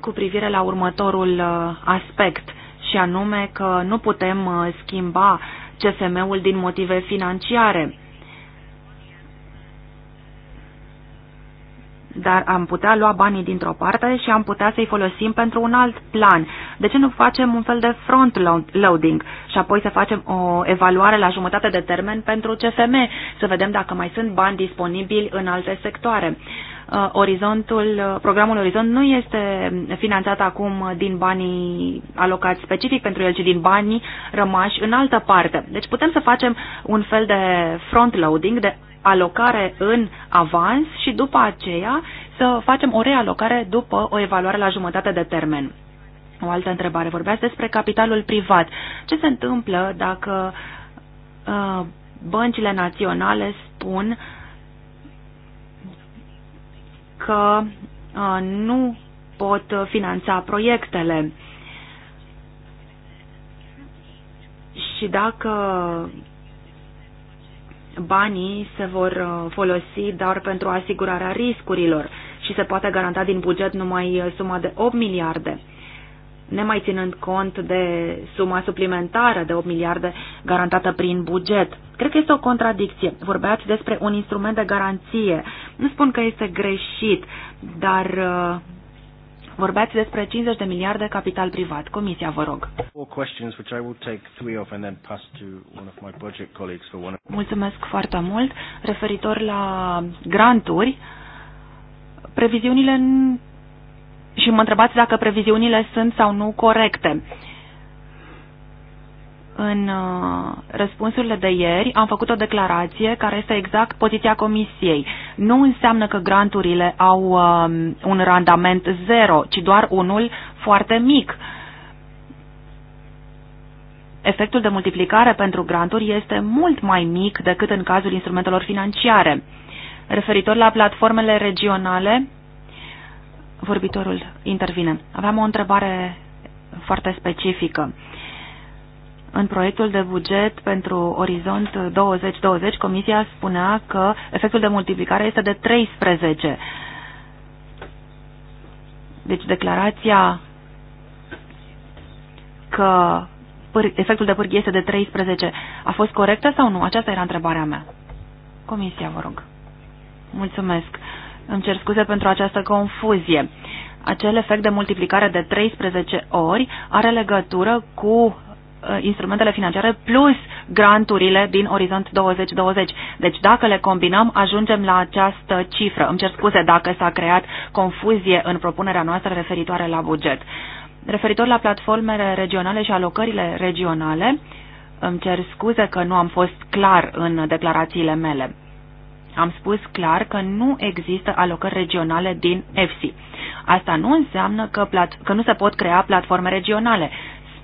cu privire la următorul uh, aspect, și anume că nu putem uh, schimba CFM-ul din motive financiare? dar am putea lua banii dintr-o parte și am putea să-i folosim pentru un alt plan. De ce nu facem un fel de front loading și apoi să facem o evaluare la jumătate de termen pentru CFM, să vedem dacă mai sunt bani disponibili în alte sectoare? Uh, Uh, orizontul, uh, programul Orizont nu este finanțat acum din banii alocați specific pentru el, ci din banii rămași în altă parte. Deci putem să facem un fel de front-loading, de alocare în avans și după aceea să facem o realocare după o evaluare la jumătate de termen. O altă întrebare. Vorbeați despre capitalul privat. Ce se întâmplă dacă uh, băncile naționale spun uh, că nu pot finanța proiectele. Și dacă banii se vor folosi doar pentru asigurarea riscurilor și se poate garanta din buget numai suma de 8 miliarde nemai ținând cont de suma suplimentară de 8 miliarde garantată prin buget. Cred că este o contradicție. Vorbeați despre un instrument de garanție. Nu spun că este greșit, dar uh, vorbeați despre 50 de miliarde capital privat. Comisia, vă rog. Mulțumesc foarte mult. Referitor la granturi, previziunile și mă întrebați dacă previziunile sunt sau nu corecte. În uh, răspunsurile de ieri am făcut o declarație care este exact poziția Comisiei. Nu înseamnă că granturile au um, un randament zero, ci doar unul foarte mic. Efectul de multiplicare pentru granturi este mult mai mic decât în cazul instrumentelor financiare. Referitor la platformele regionale, Vorbitorul intervine. Aveam o întrebare foarte specifică. În proiectul de buget pentru Orizont 2020, Comisia spunea că efectul de multiplicare este de 13. Deci declarația că efectul de pârghie este de 13 a fost corectă sau nu? Aceasta era întrebarea mea. Comisia, vă rog. Mulțumesc. Îmi cer scuze pentru această confuzie. Acel efect de multiplicare de 13 ori are legătură cu uh, instrumentele financiare plus granturile din Orizont 2020. Deci dacă le combinăm, ajungem la această cifră. Îmi cer scuze dacă s-a creat confuzie în propunerea noastră referitoare la buget. Referitor la platformele regionale și alocările regionale, îmi cer scuze că nu am fost clar în declarațiile mele. Am spus clar că nu există alocări regionale din EFSI. Asta nu înseamnă că, plat- că nu se pot crea platforme regionale,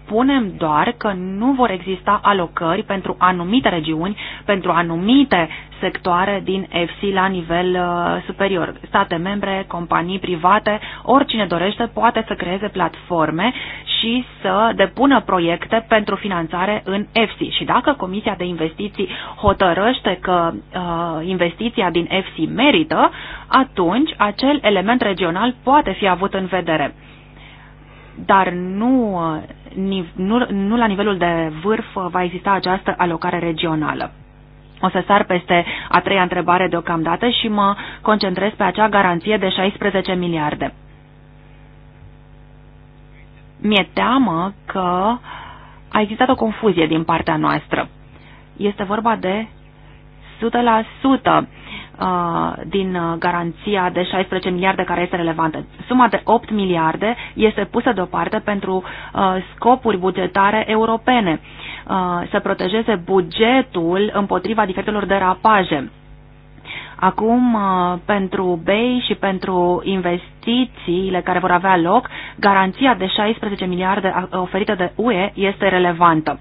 spunem doar că nu vor exista alocări pentru anumite regiuni, pentru anumite sectoare din EFSI la nivel uh, superior. State membre, companii private, oricine dorește poate să creeze platforme și să depună proiecte pentru finanțare în EFSI. Și dacă Comisia de Investiții hotărăște că uh, investiția din EFSI merită, atunci acel element regional poate fi avut în vedere. Dar nu uh, nu, nu la nivelul de vârf va exista această alocare regională. O să sar peste a treia întrebare deocamdată și mă concentrez pe acea garanție de 16 miliarde. Mi-e teamă că a existat o confuzie din partea noastră. Este vorba de 100% din garanția de 16 miliarde care este relevantă. Suma de 8 miliarde este pusă deoparte pentru scopuri bugetare europene, să protejeze bugetul împotriva diferitelor derapaje. Acum, pentru BEI și pentru investițiile care vor avea loc, garanția de 16 miliarde oferită de UE este relevantă.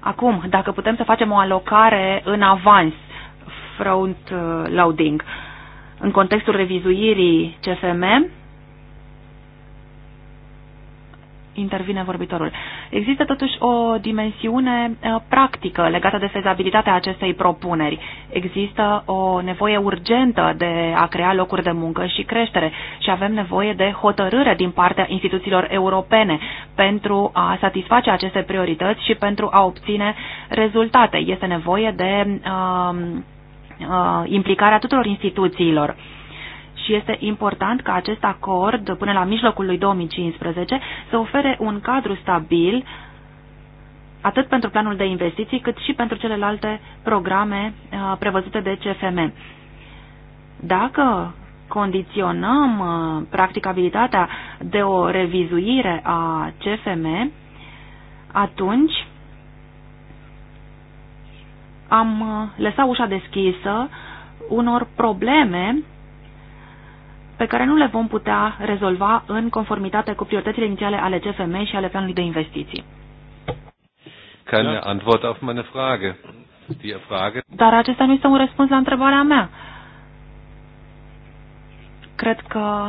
Acum, dacă putem să facem o alocare în avans front uh, loading. În contextul revizuirii CFM, intervine vorbitorul. Există totuși o dimensiune uh, practică legată de fezabilitatea acestei propuneri. Există o nevoie urgentă de a crea locuri de muncă și creștere și avem nevoie de hotărâre din partea instituțiilor europene pentru a satisface aceste priorități și pentru a obține rezultate. Este nevoie de um, Uh, implicarea tuturor instituțiilor și este important ca acest acord, până la mijlocul lui 2015, să ofere un cadru stabil atât pentru planul de investiții, cât și pentru celelalte programe uh, prevăzute de CFM. Dacă condiționăm uh, practicabilitatea de o revizuire a CFM, atunci am uh, lăsat ușa deschisă unor probleme pe care nu le vom putea rezolva în conformitate cu prioritățile inițiale ale CFM și ale planului de investiții. Keine Antwort auf meine Frage. Die Frage. Dar acesta nu este un răspuns la întrebarea mea. Cred că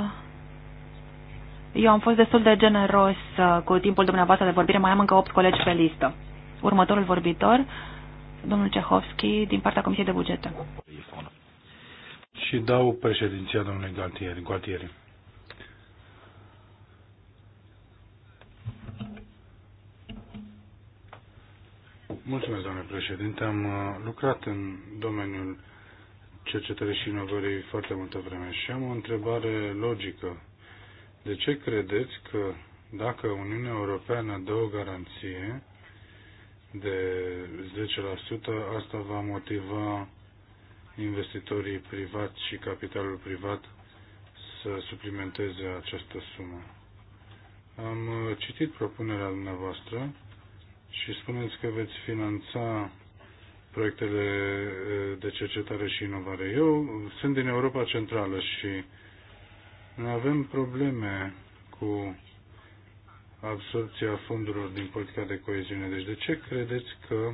eu am fost destul de generos uh, cu timpul dumneavoastră de vorbire. Mai am încă 8 colegi pe listă. Următorul vorbitor, domnul Cehovski din partea Comisiei de Bugete. Și dau președinția domnului Galtieri. Galtieri. Mulțumesc, doamne președinte. Am uh, lucrat în domeniul cercetării și inovării foarte multă vreme și am o întrebare logică. De ce credeți că dacă Uniunea Europeană dă o garanție, de 10%, asta va motiva investitorii privați și capitalul privat să suplimenteze această sumă. Am uh, citit propunerea dumneavoastră și spuneți că veți finanța proiectele uh, de cercetare și inovare. Eu sunt din Europa Centrală și noi avem probleme cu absorpția fondurilor din politica de coeziune. Deci de ce credeți că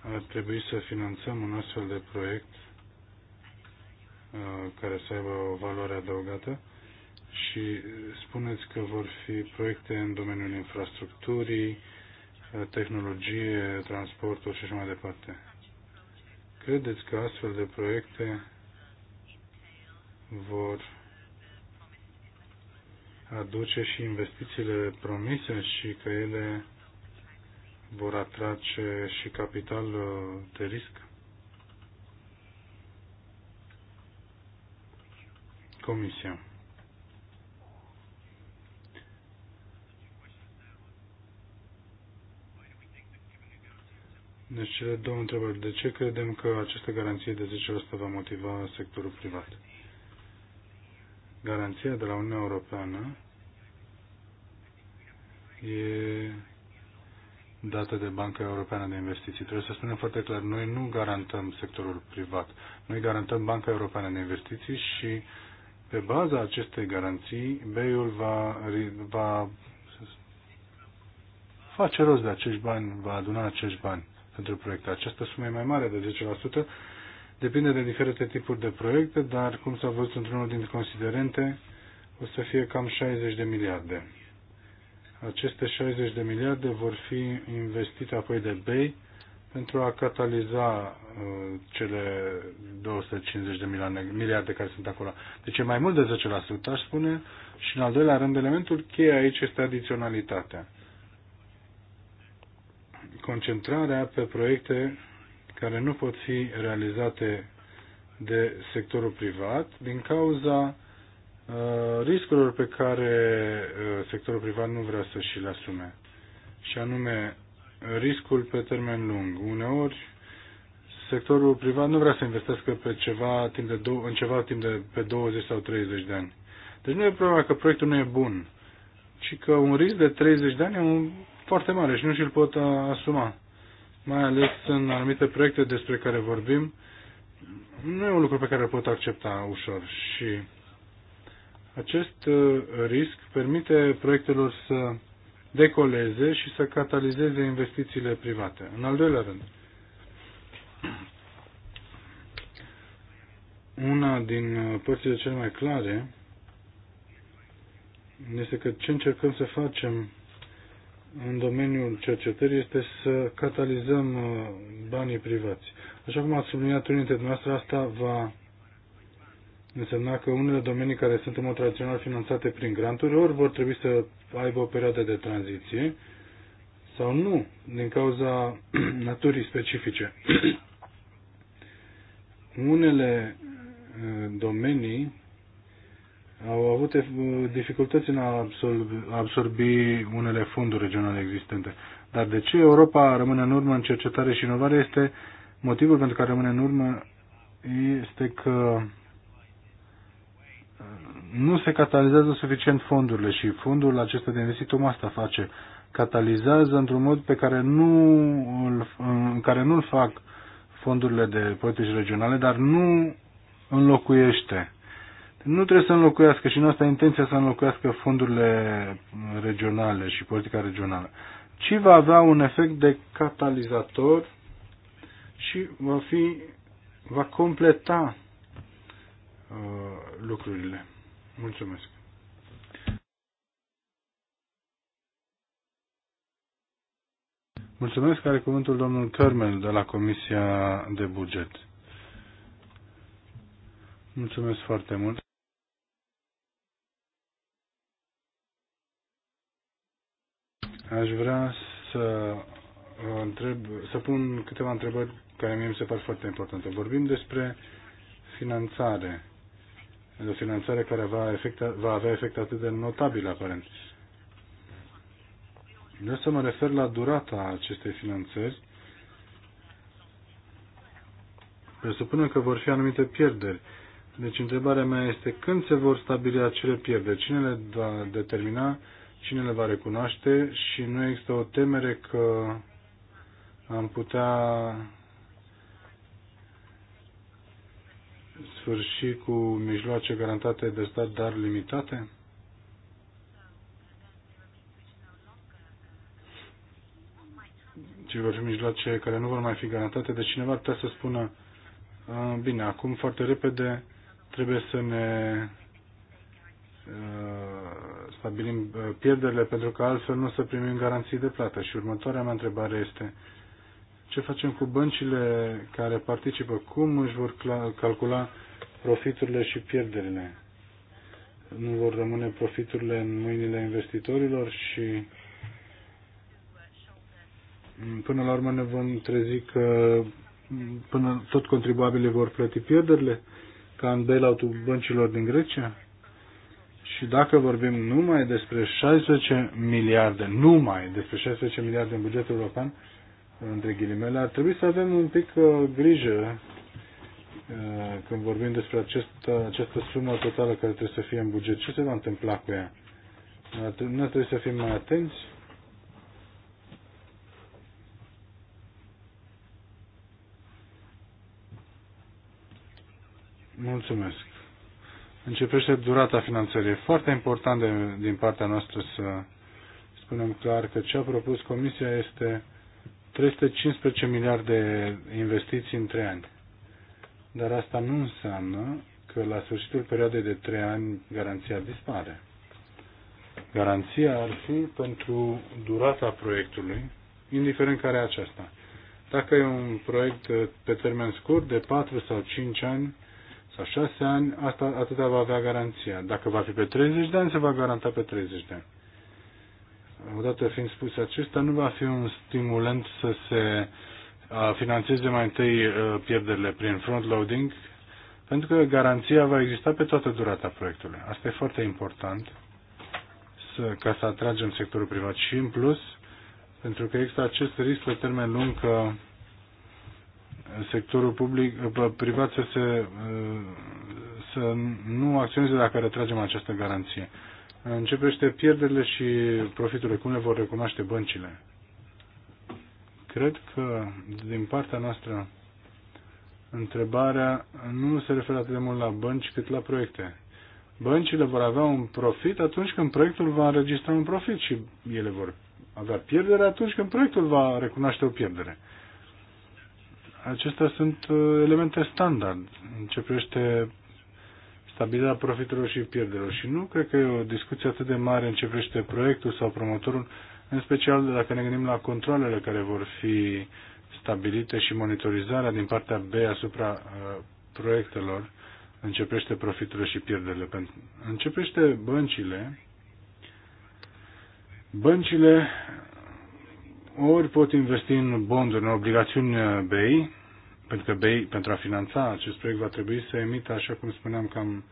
ar trebui să finanțăm un astfel de proiect uh, care să aibă o valoare adăugată și spuneți că vor fi proiecte în domeniul infrastructurii, uh, tehnologie, transportul și așa mai departe. Credeți că astfel de proiecte vor aduce și investițiile promise și că ele vor atrage și capital uh, de risc? Comisia. Deci cele două întrebări. De ce credem că această garanție de 10% va motiva sectorul privat? garanția de la Uniunea Europeană e dată de Banca Europeană de Investiții. Trebuie să spunem foarte clar, noi nu garantăm sectorul privat, noi garantăm Banca Europeană de Investiții și pe baza acestei garanții, BEI-ul va, va face rost de acești bani, va aduna acești bani pentru proiecte. Această sumă e mai mare de depinde de diferite tipuri de proiecte, dar cum s-a văzut într-unul dintre considerente, o să fie cam 60 de miliarde. Aceste 60 de miliarde vor fi investite apoi de BEI pentru a cataliza uh, cele 250 de miliarde care sunt acolo. Deci e mai mult de 10%, aș spune, și în al doilea rând, elementul cheie aici este adiționalitatea. Concentrarea pe proiecte care nu pot fi realizate de sectorul privat din cauza uh, riscurilor pe care uh, sectorul privat nu vrea să și le asume. Și anume, riscul pe termen lung. Uneori, sectorul privat nu vrea să investească pe ceva timp de do- în ceva timp de pe 20 sau 30 de ani. Deci nu e problema că proiectul nu e bun, ci că un risc de 30 de ani e un foarte mare și nu și-l pot uh, asuma mai ales în anumite proiecte despre care vorbim, nu e un lucru pe care îl pot accepta ușor și acest uh, risc permite proiectelor să decoleze și să catalizeze investițiile private. În al doilea rând, una din uh, părțile cele mai clare este că ce încercăm să facem în domeniul cercetării este să catalizăm uh, banii privați. Așa cum ați subliniat unii dintre dumneavoastră, asta va însemna că unele domenii care sunt în mod tradițional finanțate prin granturi, ori vor trebui să aibă o perioadă de tranziție, sau nu, din cauza naturii specifice. Unele uh, domenii au avut dificultăți în a absorbi unele fonduri regionale existente. Dar de ce Europa rămâne în urmă în cercetare și inovare este motivul pentru care rămâne în urmă este că uh, nu se catalizează suficient fondurile și fondul acesta de investit tocmai asta face. Catalizează într-un mod pe care nu îl, în care nu-l fac fondurile de politici regionale, dar nu înlocuiește nu trebuie să înlocuiască și nu asta intenția să înlocuiască fondurile regionale și politica regională, ci va avea un efect de catalizator și va fi va completa uh, lucrurile. Mulțumesc. Mulțumesc, are cuvântul domnul Kermel de la Comisia de Buget. Mulțumesc foarte mult. Aș vrea să întreb, să pun câteva întrebări care mie mi se par foarte importante. Vorbim despre finanțare. O finanțare care va, efecta, va avea efect atât de notabil, aparent. Vreau să mă refer la durata acestei finanțări. Presupunem că vor fi anumite pierderi. Deci întrebarea mea este când se vor stabili acele pierderi? Cine le va determina? cine le va recunoaște și nu există o temere că am putea sfârși cu mijloace garantate de stat, dar limitate? Ci vor fi mijloace care nu vor mai fi garantate de deci cineva, ar putea să spună, bine, acum foarte repede trebuie să ne stabilim uh, pierderile, pentru că altfel nu o să primim garanții de plată. Și următoarea mea întrebare este ce facem cu băncile care participă? Cum își vor calcula profiturile și pierderile? Nu vor rămâne profiturile în mâinile investitorilor și mm, până la urmă ne vom trezi că mm, până tot contribuabilii vor plăti pierderile, ca în bailout-ul băncilor din Grecia? Și dacă vorbim numai despre 16 miliarde, numai despre 16 miliarde în bugetul european, între ghilimele, ar trebui să avem un pic uh, grijă uh, când vorbim despre această, această sumă totală care trebuie să fie în buget. Ce se va întâmpla cu ea? Nu ar trebui să fim mai atenți? Mulțumesc. Începește durata finanțării. E foarte important de, din partea noastră să spunem clar că ce a propus Comisia este 315 miliarde investiții în 3 ani. Dar asta nu înseamnă că la sfârșitul perioadei de 3 ani garanția dispare. Garanția ar fi pentru durata proiectului, indiferent care e aceasta. Dacă e un proiect pe termen scurt, de 4 sau 5 ani, sau 6 ani, asta, atâta va avea garanția. Dacă va fi pe 30 de ani, se va garanta pe 30 de ani. Odată fiind spus acesta, nu va fi un stimulant să se finanțeze mai întâi pierderile prin front-loading, pentru că garanția va exista pe toată durata proiectului. Asta e foarte important să, ca să atragem sectorul privat și în plus, pentru că există acest risc pe termen lung că sectorul public, eh, privat să, se, eh, să nu acționeze dacă retragem această garanție. Începește pierderile și profiturile. Cum le vor recunoaște băncile? Cred că, din partea noastră, întrebarea nu se referă atât de mult la bănci cât la proiecte. Băncile vor avea un profit atunci când proiectul va înregistra un profit și ele vor avea pierdere atunci când proiectul va recunoaște o pierdere. Acestea sunt uh, elemente standard în ce privește stabilirea profitelor și pierderilor. Și nu cred că e o discuție atât de mare în ce privește proiectul sau promotorul, în special dacă ne gândim la controlele care vor fi stabilite și monitorizarea din partea B asupra uh, proiectelor începește profiturile și pierderile. Începește băncile. Băncile ori pot investi în bonduri, în obligațiuni uh, BI, pentru că BEI, pentru a finanța acest proiect, va trebui să emită, așa cum spuneam, cam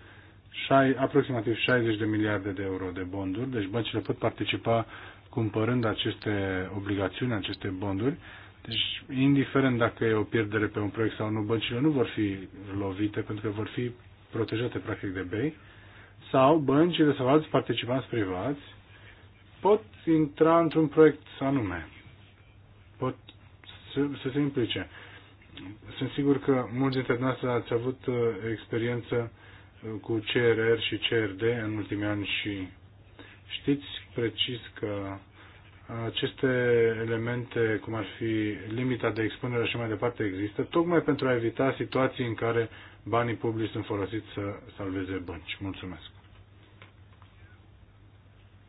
șai, aproximativ 60 de miliarde de euro de bonduri, deci băncile pot participa cumpărând aceste obligațiuni, aceste bonduri, deci, indiferent dacă e o pierdere pe un proiect sau nu, băncile nu vor fi lovite pentru că vor fi protejate practic de bei, sau băncile sau alți participanți privați pot intra într-un proiect anume, pot să, să se implice. Sunt sigur că mulți dintre noastre ați avut uh, experiență uh, cu CRR și CRD în ultimii ani și știți precis că aceste elemente, cum ar fi limita de expunere și mai departe, există, tocmai pentru a evita situații în care banii publici sunt folosiți să salveze bănci. Mulțumesc.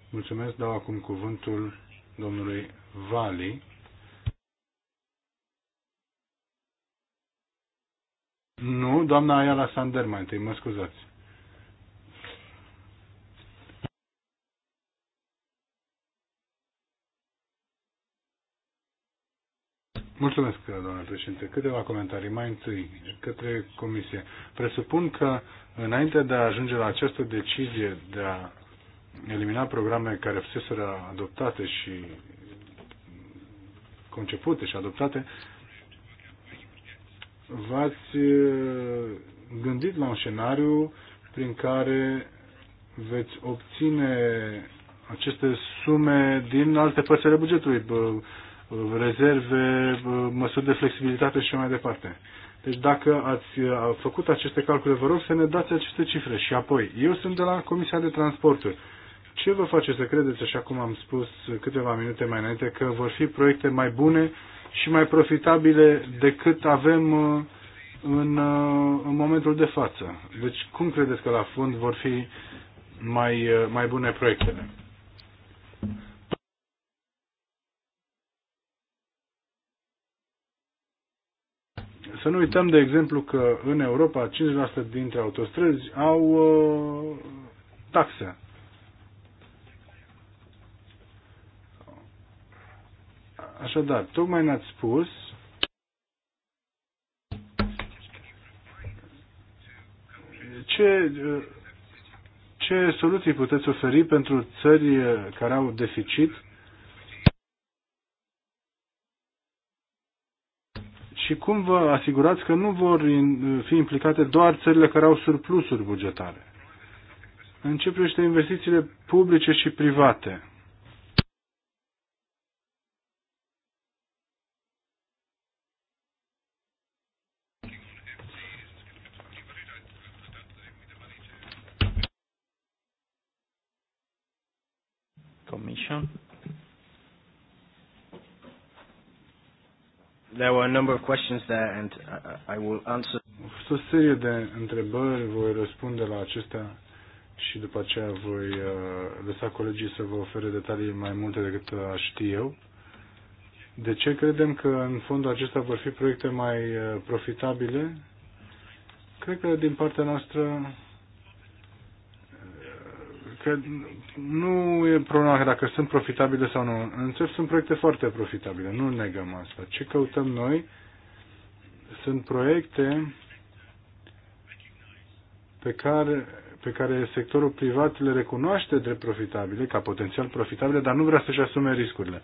Mulțumesc, dau acum cuvântul domnului Vali Nu, doamna Ayala Sander mai întâi, mă scuzați. Mulțumesc, doamnă președinte. Câteva comentarii. Mai întâi, către comisie. Presupun că înainte de a ajunge la această decizie de a elimina programe care fuseseră adoptate și concepute și adoptate, v-ați gândit la un scenariu prin care veți obține aceste sume din alte părți ale bugetului, rezerve, măsuri de flexibilitate și mai departe. Deci dacă ați făcut aceste calcule, vă rog să ne dați aceste cifre. Și apoi, eu sunt de la Comisia de Transporturi ce vă face să credeți, așa cum am spus câteva minute mai înainte, că vor fi proiecte mai bune și mai profitabile decât avem uh, în, uh, în momentul de față? Deci cum credeți că la fund vor fi mai, uh, mai bune proiectele? Să nu uităm, de exemplu, că în Europa 50 dintre autostrăzi au uh, taxe. Așadar, tocmai ne-ați spus ce, ce soluții puteți oferi pentru țări care au deficit și cum vă asigurați că nu vor fi implicate doar țările care au surplusuri bugetare? Începește investițiile publice și private? There were a number of questions there and I will answer. fost o serie de întrebări, voi răspunde la acestea și după aceea voi uh, lăsa colegii să vă ofere detalii mai multe decât uh, aș ști eu. De ce credem că în fondul acesta vor fi proiecte mai uh, profitabile? Cred că din partea noastră că nu e problema că dacă sunt profitabile sau nu. În țări sunt proiecte foarte profitabile, nu negăm asta. Ce căutăm noi sunt proiecte pe care, pe care sectorul privat le recunoaște drept profitabile, ca potențial profitabile, dar nu vrea să-și asume riscurile.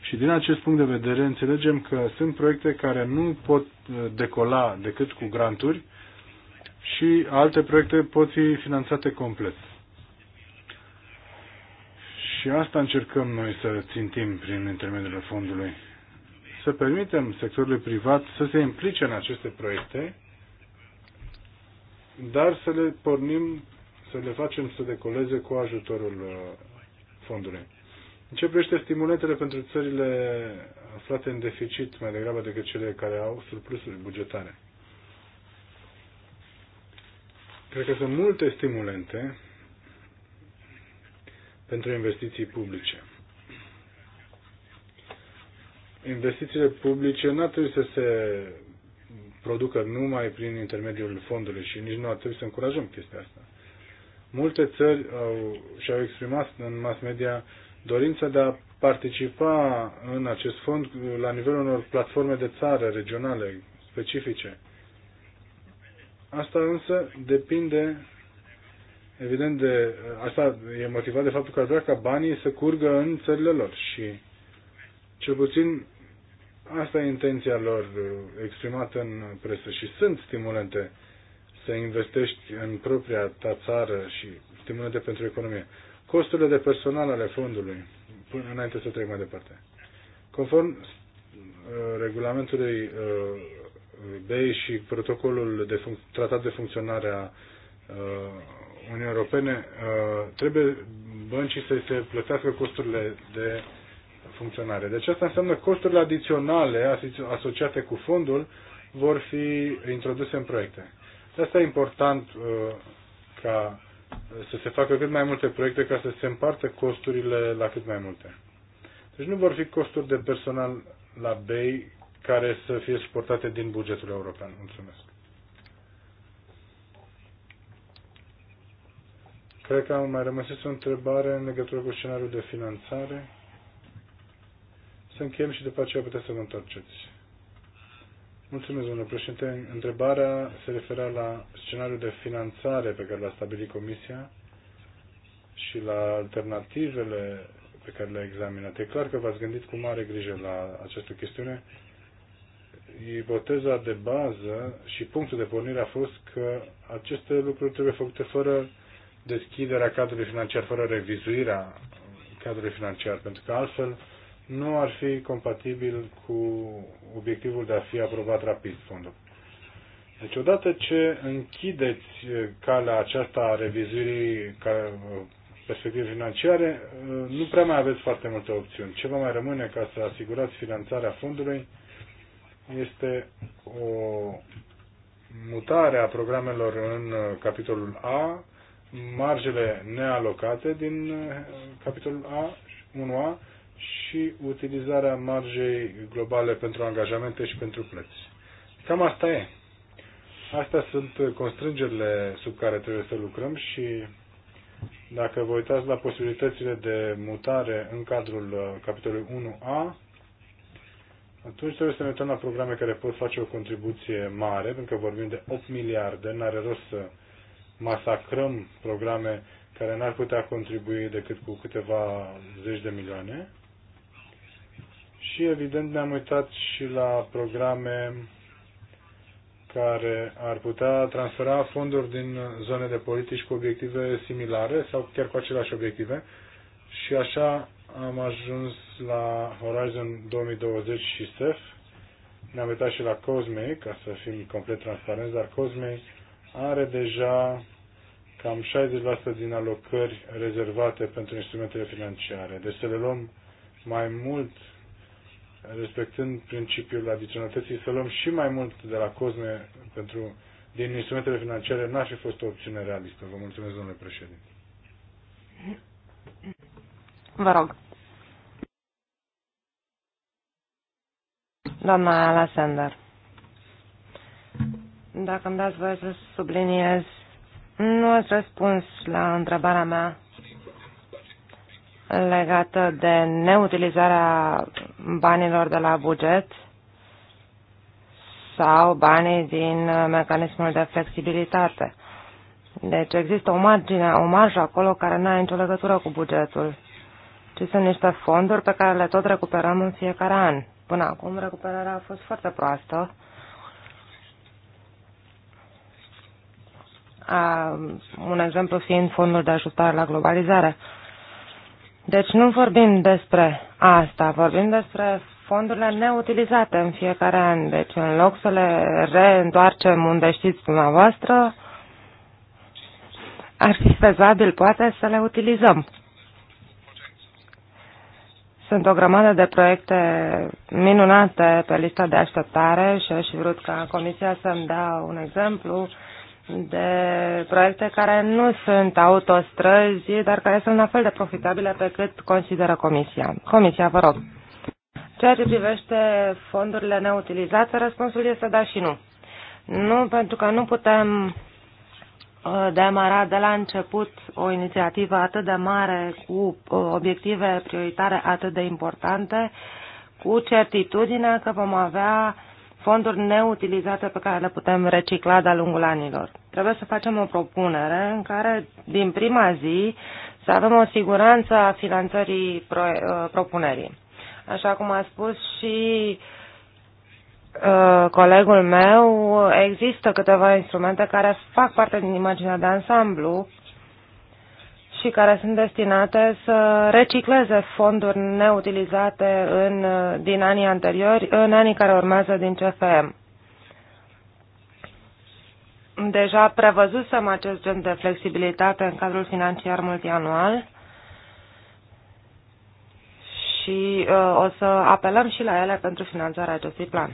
Și din acest punct de vedere înțelegem că sunt proiecte care nu pot uh, decola decât cu granturi și alte proiecte pot fi finanțate complet. Și asta încercăm noi să țintim prin intermediul fondului. Să permitem sectorului privat să se implice în aceste proiecte, dar să le pornim, să le facem să decoleze cu ajutorul uh, fondului. În ce privește stimulentele pentru țările aflate în deficit mai degrabă decât cele care au surplusuri bugetare? Cred că sunt multe stimulente pentru investiții publice. Investițiile publice nu ar trebui să se producă numai prin intermediul fondului și nici nu ar trebui să încurajăm chestia asta. Multe țări au, și-au exprimat în mass media dorința de a participa în acest fond la nivelul unor platforme de țară regionale specifice. Asta însă depinde evident, de, asta e motivat de faptul că ar vrea ca banii să curgă în țările lor și cel puțin asta e intenția lor uh, exprimată în presă și sunt stimulente să investești în propria ta țară și stimulente pentru economie. Costurile de personal ale fondului, până înainte să trec mai departe. Conform uh, regulamentului uh, BEI și protocolul de tratat de funcționare a Uniunii Europene, uh, trebuie băncii să se plătească costurile de funcționare. Deci asta înseamnă costurile adiționale asociate cu fondul vor fi introduse în proiecte. De asta e important uh, ca să se facă cât mai multe proiecte ca să se împartă costurile la cât mai multe. Deci nu vor fi costuri de personal la BEI care să fie suportate din bugetul european. Mulțumesc. Cred că am mai rămas o întrebare în legătură cu scenariul de finanțare. Să încheiem și după aceea puteți să vă întorceți. Mulțumesc, domnule președinte. Întrebarea se referea la scenariul de finanțare pe care l-a stabilit Comisia și la alternativele pe care le-a examinat. E clar că v-ați gândit cu mare grijă la această chestiune. Ipoteza de bază și punctul de pornire a fost că aceste lucruri trebuie făcute fără deschiderea cadrului financiar fără revizuirea cadrului financiar, pentru că altfel nu ar fi compatibil cu obiectivul de a fi aprobat rapid fondul. Deci odată ce închideți eh, calea aceasta a revizuirii ca eh, perspective financiare, eh, nu prea mai aveți foarte multe opțiuni. Ce vă mai rămâne ca să asigurați finanțarea fondului este o mutare a programelor în capitolul A marjele nealocate din eh, capitolul A, 1A și utilizarea marjei globale pentru angajamente și pentru plăți. Cam asta e. Astea sunt constrângerile sub care trebuie să lucrăm și dacă vă uitați la posibilitățile de mutare în cadrul eh, capitolului 1A, atunci trebuie să ne uităm la programe care pot face o contribuție mare, pentru că vorbim de 8 miliarde, n-are rost să masacrăm programe care n-ar putea contribui decât cu câteva zeci de milioane. Și evident ne-am uitat și la programe care ar putea transfera fonduri din zone de politici cu obiective similare sau chiar cu aceleași obiective. Și așa am ajuns la Horizon 2020 și SEF. Ne-am uitat și la Cosme ca să fim complet transparenți, dar Cosme are deja cam 60% din alocări rezervate pentru instrumentele financiare. Deci să le luăm mai mult, respectând principiul adiționalității, să luăm și mai mult de la COSME pentru, din instrumentele financiare n-ar fi fost o opțiune realistă. Vă mulțumesc, domnule președinte. Vă rog. Doamna Alessander. Dacă îmi dați voie să subliniez, nu ați răspuns la întrebarea mea legată de neutilizarea banilor de la buget sau banii din mecanismul de flexibilitate. Deci există o margine, o marjă acolo care nu are nicio legătură cu bugetul, ci sunt niște fonduri pe care le tot recuperăm în fiecare an. Până acum recuperarea a fost foarte proastă a, un exemplu fiind fondul de ajustare la globalizare. Deci nu vorbim despre asta, vorbim despre fondurile neutilizate în fiecare an. Deci în loc să le reîntoarcem unde știți dumneavoastră, ar fi fezabil poate să le utilizăm. Sunt o grămadă de proiecte minunate pe lista de așteptare și aș vrut ca Comisia să-mi dea un exemplu de proiecte care nu sunt autostrăzi, dar care sunt la fel de profitabile pe cât consideră Comisia. Comisia, vă rog. Ceea ce privește fondurile neutilizate, răspunsul este da și nu. Nu, pentru că nu putem uh, demara de la început o inițiativă atât de mare cu uh, obiective prioritare atât de importante, cu certitudinea că vom avea uh, fonduri neutilizate pe care le putem recicla de-a lungul anilor. Trebuie să facem o propunere în care, din prima zi, să avem o siguranță a finanțării pro, uh, propunerii. Așa cum a spus și uh, colegul meu, există câteva instrumente care fac parte din imaginea de ansamblu și care sunt destinate să recicleze fonduri neutilizate în, din anii anteriori în anii care urmează din CFM. Deja prevăzusem acest gen de flexibilitate în cadrul financiar multianual și uh, o să apelăm și la ele pentru finanțarea acestui plan.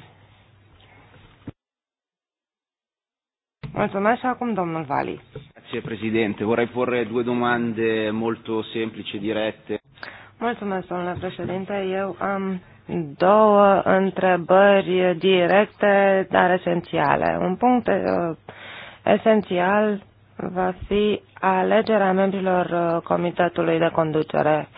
Mulțumesc acum domnul Vali. Grazie Presidente, vorrei porre due domande molto semplici, dirette. Mulțumesc, domnule președinte. Eu am două întrebări directe, dar esențiale. Un punct uh, esențial va fi alegerea membrilor uh, comitetului de conducere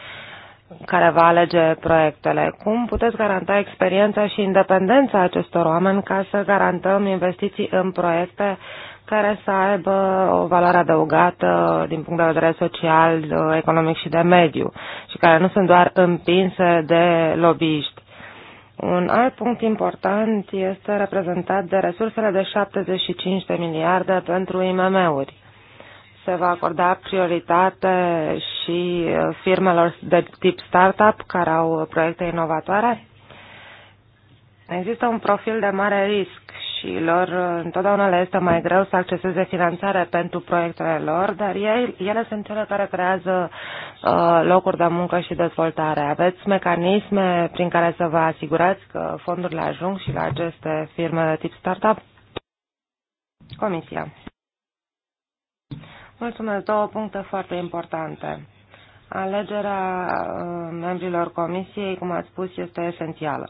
care va alege proiectele. Cum puteți garanta experiența și independența acestor oameni ca să garantăm investiții în proiecte care să aibă o valoare adăugată din punct de vedere social, economic și de mediu și care nu sunt doar împinse de lobbyiști. Un alt punct important este reprezentat de resursele de 75 de miliarde pentru IMM-uri. Se va acorda prioritate și firmelor de tip startup care au proiecte inovatoare? Există un profil de mare risc serviciilor întotdeauna le este mai greu să acceseze finanțare pentru proiectele lor, dar ei, ele sunt cele care creează uh, locuri de muncă și dezvoltare. Aveți mecanisme prin care să vă asigurați că fondurile ajung și la aceste firme de tip startup? Comisia. Mulțumesc. Două puncte foarte importante. Alegerea uh, membrilor comisiei, cum ați spus, este esențială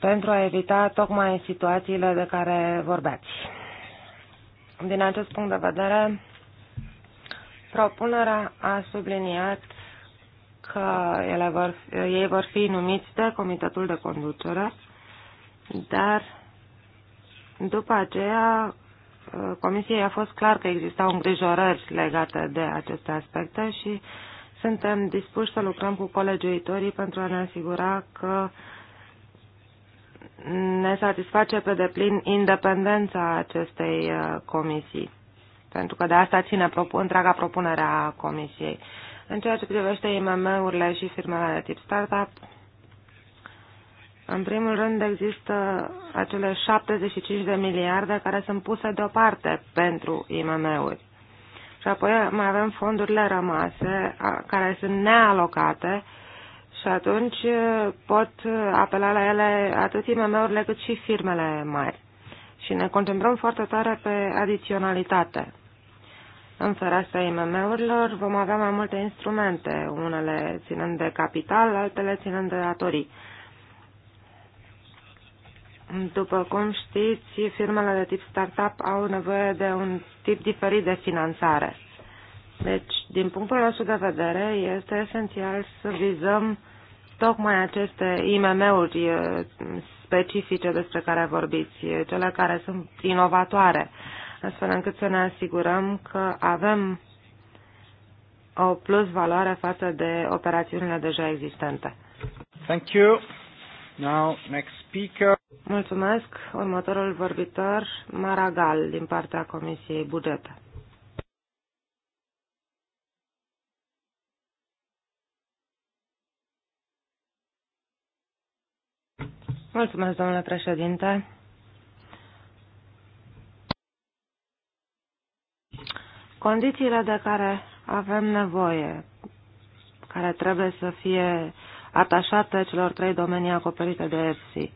pentru a evita tocmai situațiile de care vorbeați. Din acest punct de vedere, propunerea a subliniat că ele vor, ei vor fi numiți de Comitetul de Conducere, dar după aceea Comisiei a fost clar că existau îngrijorări legate de aceste aspecte și suntem dispuși să lucrăm cu colegiuitorii pentru a ne asigura că uh, ne satisface pe deplin independența acestei uh, comisii, pentru că de asta ține întreaga propunere a comisiei. În ceea ce privește IMM-urile și firmele de tip startup, în primul rând există acele 75 de miliarde care sunt puse deoparte pentru IMM-uri. Și apoi mai avem fondurile rămase, care sunt nealocate și atunci uh, pot uh, apela la ele atât IMM-urile cât și firmele mari. Și ne concentrăm foarte tare pe adiționalitate. În fereastra IMM-urilor vom avea mai multe instrumente, unele ținând de capital, altele ținând de datorii. După cum știți, firmele de tip startup au nevoie de un tip diferit de finanțare. Deci, din punctul nostru de vedere, este esențial să vizăm tocmai aceste IMM-uri specifice despre care vorbiți, cele care sunt inovatoare, astfel încât să ne asigurăm că avem o plus valoare față de operațiunile deja existente. Thank you. Now, next speaker. Mulțumesc. Următorul vorbitor, Maragal, din partea Comisiei Bugete. Mulțumesc, domnule președinte. Condițiile de care avem nevoie, care trebuie să fie atașate celor trei domenii acoperite de EFSI.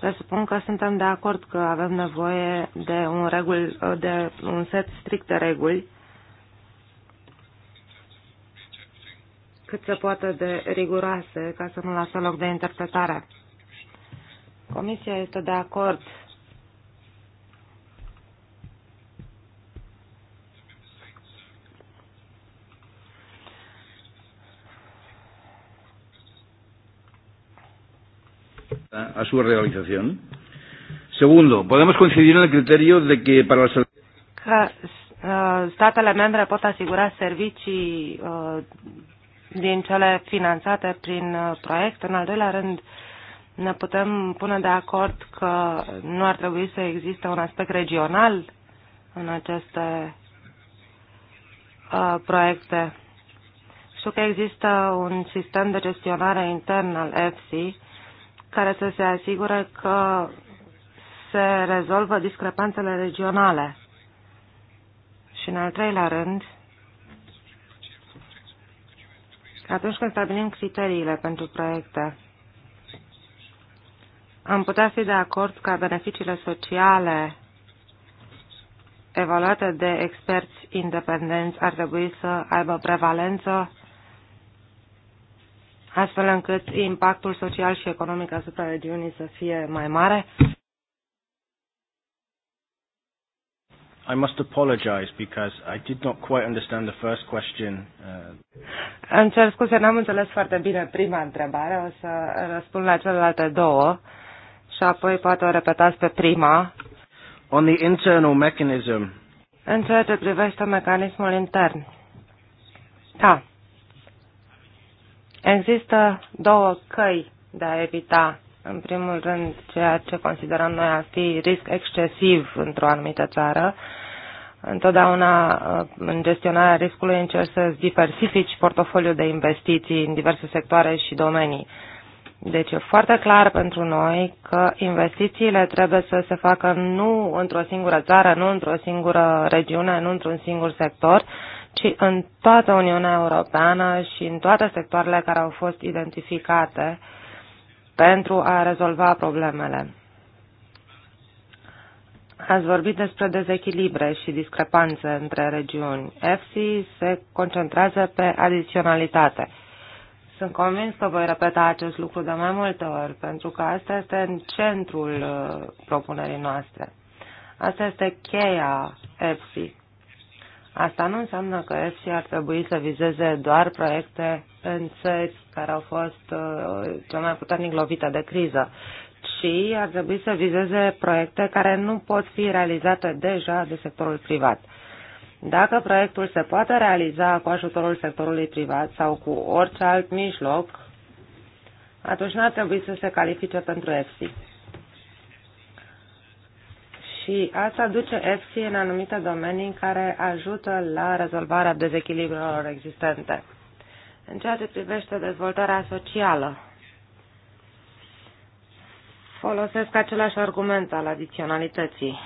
Presupun că suntem de acord că avem nevoie de un, regul, de un set strict de reguli cât se poate de riguroase ca să nu lasă loc de interpretare Comisia este de acord a su realización. Segundo, podemos coincidir en el criterio de que para la că uh, statele membre pot asigura servicii uh, din cele finanțate prin uh, proiect. În al doilea rând, ne putem pune de acord că nu ar trebui să existe un aspect regional în aceste uh, proiecte. Știu că există un sistem de gestionare intern al EFSI care să se asigure că se rezolvă discrepanțele regionale. Și în al treilea rând, atunci când stabilim criteriile pentru proiecte, am putea fi de acord ca beneficiile sociale evaluate de experți independenți ar trebui să aibă prevalență astfel încât impactul social și economic asupra regiunii să fie mai mare? I must apologize because I did not quite understand the first question. Uh, Îmi cer scuze, n-am înțeles foarte bine prima întrebare, o să răspund la celelalte două. Uh, și apoi poate o repetați pe prima. On the internal mechanism. În ceea ce privește mecanismul intern. Da. Există două căi de a evita, în primul rând, ceea ce considerăm noi a fi risc excesiv într-o anumită țară. Întotdeauna, uh, în gestionarea riscului, încerci să-ți diversifici portofoliul de investiții în diverse sectoare și domenii deci e foarte clar pentru noi că investițiile trebuie să se facă nu într-o singură țară, nu într-o singură regiune, nu într-un singur sector, ci în toată Uniunea Europeană și în toate sectoarele care au fost identificate pentru a rezolva problemele. Ați vorbit despre dezechilibre și discrepanțe între regiuni. EFSI se concentrează pe adiționalitate sunt convins că voi repeta acest lucru de mai multe ori, pentru că asta este în centrul uh, propunerii noastre. Asta este cheia EFSI. Asta nu înseamnă că EFSI ar trebui să vizeze doar proiecte în țări care au fost uh, cel mai puternic lovite de criză, ci ar trebui să vizeze proiecte care nu pot fi realizate deja de sectorul privat. Dacă proiectul se poate realiza cu ajutorul sectorului privat sau cu orice alt mijloc, atunci n-ar trebui să se califice pentru EFSI. Și asta duce EFSI în anumite domenii care ajută la rezolvarea dezechilibrelor existente. În ceea ce privește dezvoltarea socială, folosesc același argument al adiționalității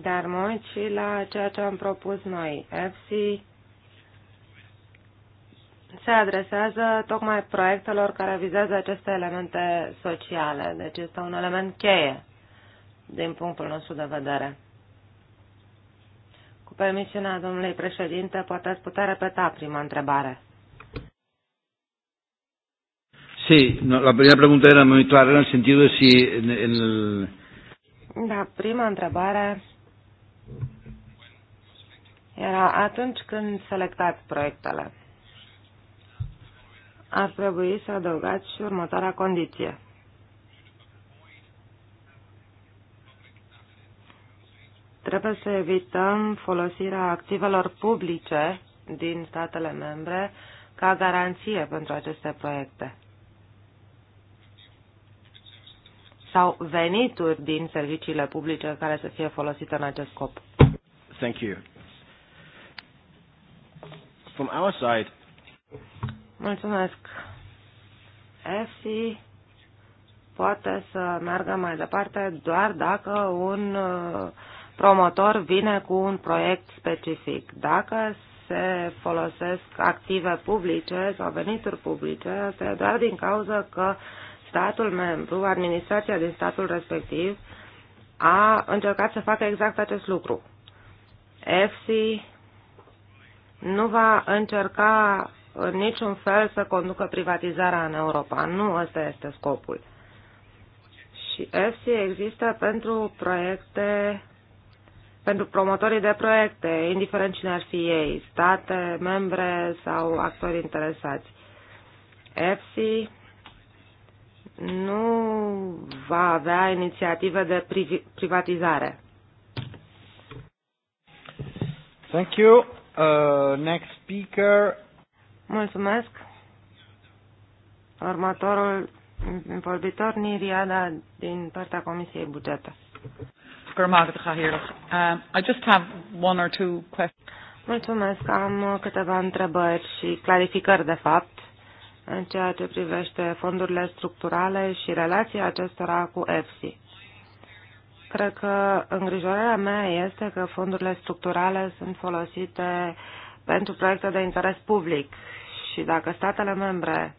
dar mult și la ceea ce am propus noi. FC se adresează tocmai proiectelor care vizează aceste elemente sociale, deci este un element cheie din punctul nostru de vedere. Cu permisiunea domnului președinte, poate ați putea repeta prima întrebare. Sí, no, la primera pregunta era muy clara en el sentido de si en, en el... Da, prima întrebare era atunci când selectați proiectele. Ar trebui să adăugați și următoarea condiție. Trebuie să evităm folosirea activelor publice din statele membre ca garanție pentru aceste proiecte. sau venituri din serviciile publice care să fie folosite în acest scop. Thank you from our side. Mulțumesc. EFSI poate să meargă mai departe doar dacă un uh, promotor vine cu un proiect specific. Dacă se folosesc active publice sau venituri publice, asta e doar din cauza că statul membru, administrația din statul respectiv, a încercat să facă exact acest lucru. EFSI nu va încerca în niciun fel să conducă privatizarea în Europa. Nu ăsta este scopul. Și EFSI există pentru proiecte, pentru promotorii de proiecte, indiferent cine ar fi ei, state, membre sau actori interesați. EFSI nu va avea inițiative de privatizare. Thank you. Uh, next speaker. Mulțumesc. Următorul vorbitor, Niriada, din partea Comisiei Bugete. Uh, Mulțumesc. Am câteva întrebări și clarificări, de fapt, în ceea ce privește fondurile structurale și relația acestora cu EFSI. Cred că îngrijorarea mea este că fondurile structurale sunt folosite pentru proiecte de interes public și dacă statele membre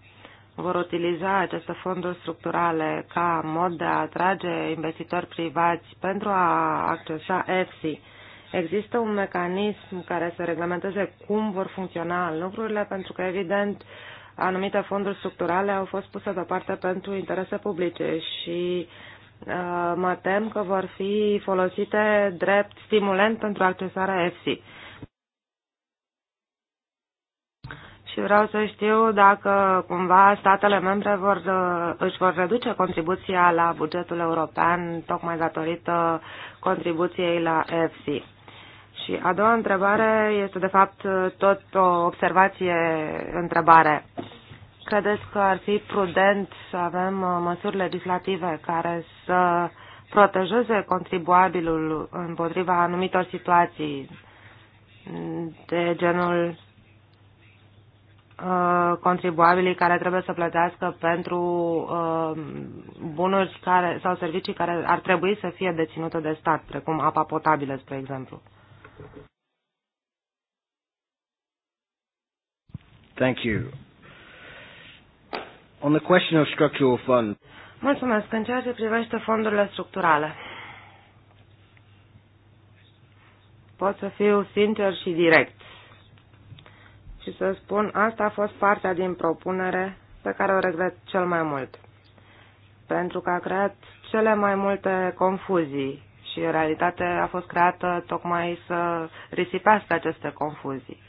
vor utiliza aceste fonduri structurale ca mod de a atrage investitori privați pentru a accesa EFSI, există un mecanism care să reglementeze cum vor funcționa lucrurile, pentru că, evident, anumite fonduri structurale au fost puse deoparte pentru interese publice și uh, Uh, mă tem că vor fi folosite drept stimulent pentru accesarea EFSI. Și vreau să știu dacă cumva statele membre vor, uh, își vor reduce contribuția la bugetul european tocmai datorită contribuției la EFSI. Și a doua întrebare este de fapt tot o observație întrebare. Uh, Credeți că ar fi prudent să avem uh, măsuri legislative care să protejeze contribuabilul împotriva anumitor situații de genul uh, contribuabilii care trebuie să plătească pentru uh, bunuri care, sau servicii care ar trebui să fie deținute de stat, precum apa potabilă, spre exemplu. Thank you. On the question of structural funds. Mulțumesc. În ceea ce privește fondurile structurale. Pot să fiu sincer și direct și să spun asta a fost partea din propunere pe care o regret cel mai mult, pentru că a creat cele mai multe confuzii și în realitate a fost creată tocmai să risipească aceste confuzii.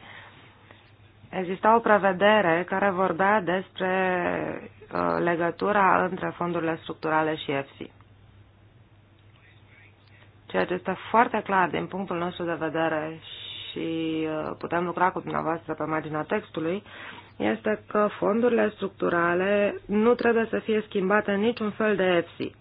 Exista o prevedere care vorbea despre uh, legătura între fondurile structurale și EFSI. Ceea ce este foarte clar din punctul nostru de vedere și uh, putem lucra cu dumneavoastră pe marginea textului, este că fondurile structurale nu trebuie să fie schimbate în niciun fel de EFSI.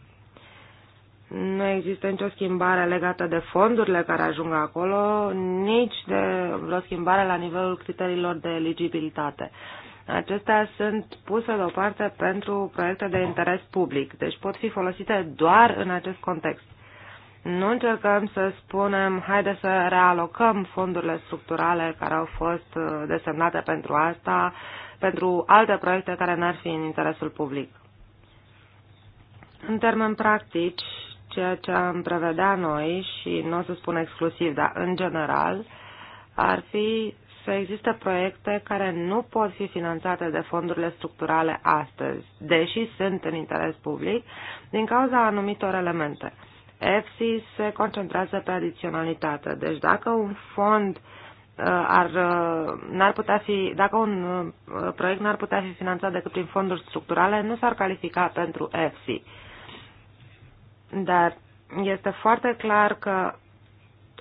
Nu există nicio schimbare legată de fondurile care ajung acolo, nici de vreo schimbare la nivelul criteriilor de eligibilitate. Acestea sunt puse deoparte pentru proiecte de interes public, deci pot fi folosite doar în acest context. Nu încercăm să spunem, haide să realocăm fondurile structurale care au fost uh, desemnate pentru asta, pentru alte proiecte care n-ar fi în interesul public. În termeni practici, ceea ce am prevedea noi și nu o să spun exclusiv, dar în general, ar fi să existe proiecte care nu pot fi finanțate de fondurile structurale astăzi, deși sunt în interes public, din cauza anumitor elemente. EFSI se concentrează pe adiționalitate, deci dacă un fond uh, ar, uh, n-ar putea fi, dacă un uh, proiect n-ar putea fi finanțat decât prin fonduri structurale, nu s-ar califica pentru EFSI. Dar este foarte clar că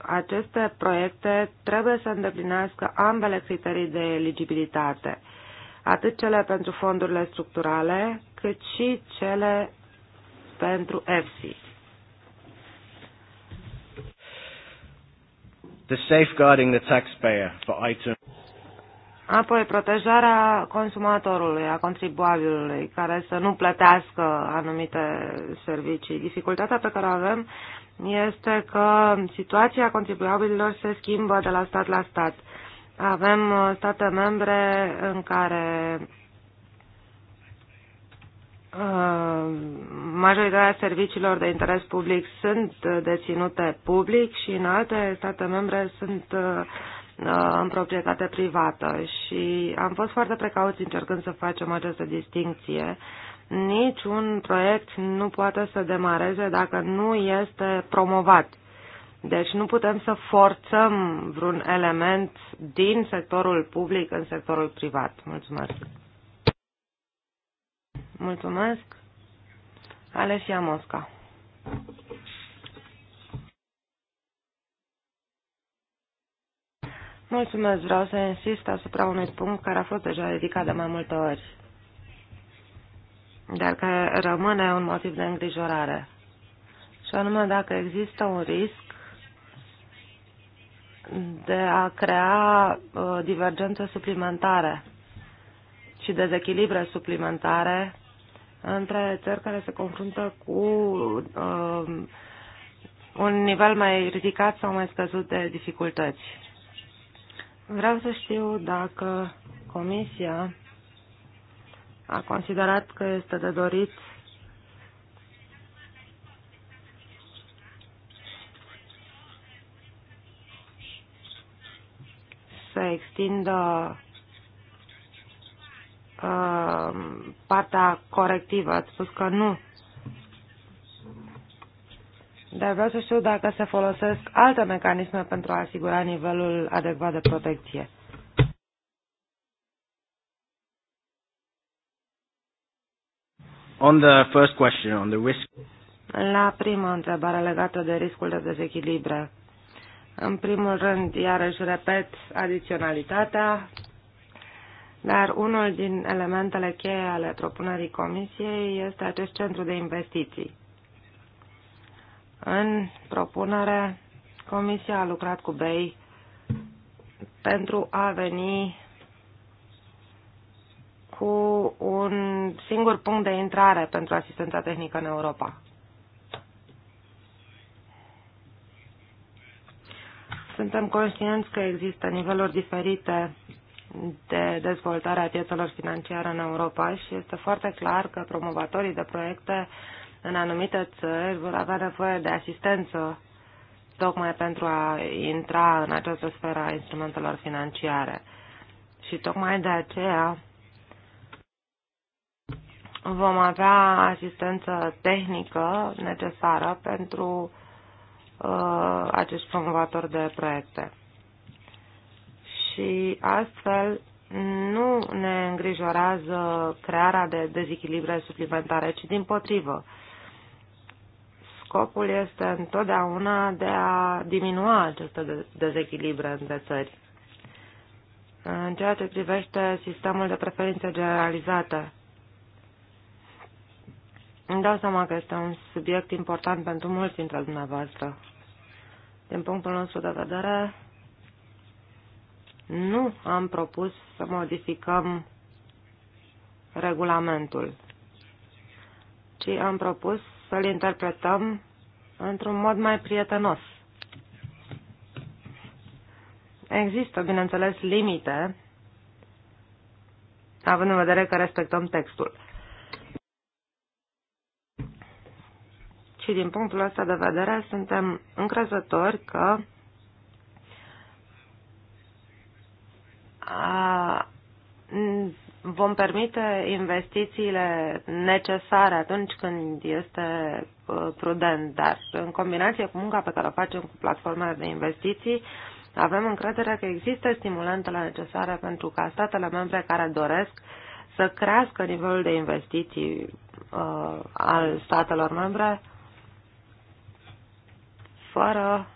aceste proiecte trebuie să îndeplinească ambele criterii de eligibilitate, atât cele pentru fondurile structurale, cât și cele pentru EFSI. The safeguarding the taxpayer for item Apoi, protejarea consumatorului, a contribuabilului, care să nu plătească anumite servicii. Dificultatea pe care o avem este că situația contribuabililor se schimbă de la stat la stat. Avem uh, state membre în care uh, majoritatea serviciilor de interes public sunt deținute public și în alte state membre sunt uh, Uh, în proprietate privată și am fost foarte precauți încercând să facem această distinție. Niciun proiect nu poate să demareze dacă nu este promovat. Deci nu putem să forțăm vreun element din sectorul public în sectorul privat. Mulțumesc. Mulțumesc. Alesia Mosca. Mulțumesc, vreau să insist asupra unui punct care a fost deja ridicat de mai multe ori, dar care rămâne un motiv de îngrijorare. Și anume dacă există un risc de a crea uh, divergențe suplimentare și dezechilibre suplimentare între țări care se confruntă cu uh, un nivel mai ridicat sau mai scăzut de dificultăți. Vreau să știu dacă Comisia a considerat că este de dorit să extindă uh, partea corectivă. Ați spus că nu dar vreau să știu dacă se folosesc alte mecanisme pentru a asigura nivelul adecvat de protecție. On the first question, on the risk. La prima întrebare legată de riscul de dezechilibre. În primul rând, iarăși repet, adiționalitatea, dar unul din elementele cheie ale propunerii Comisiei este acest centru de investiții în propunere, Comisia a lucrat cu BEI pentru a veni cu un singur punct de intrare pentru asistența tehnică în Europa. Suntem conștienți că există niveluri diferite de dezvoltare a piețelor financiare în Europa și este foarte clar că promovatorii de proiecte uh, în anumite țări vor avea nevoie de asistență tocmai pentru a intra în această sferă a instrumentelor financiare. Și tocmai de aceea vom avea asistență tehnică necesară pentru uh, acești promovatori de proiecte. Și astfel nu ne îngrijorează crearea de dezechilibre suplimentare, ci din potrivă. Uh, scopul este întotdeauna de a diminua aceste dezechilibre între țări. În ceea ce privește sistemul de preferințe generalizate, îmi dau seama că este un subiect important pentru mulți dintre dumneavoastră. Din punctul nostru de vedere, nu am propus să modificăm regulamentul, ci am propus să-l interpretăm într-un mod mai prietenos. Există, bineînțeles, limite, având în vedere că respectăm textul. Și din punctul ăsta de vedere suntem încrezători că a, vom permite investițiile necesare atunci când este uh, prudent, dar în combinație cu munca pe care o facem cu platformele de investiții, avem încredere că există stimulantele necesare pentru ca statele membre care doresc să crească nivelul de investiții uh, al statelor membre fără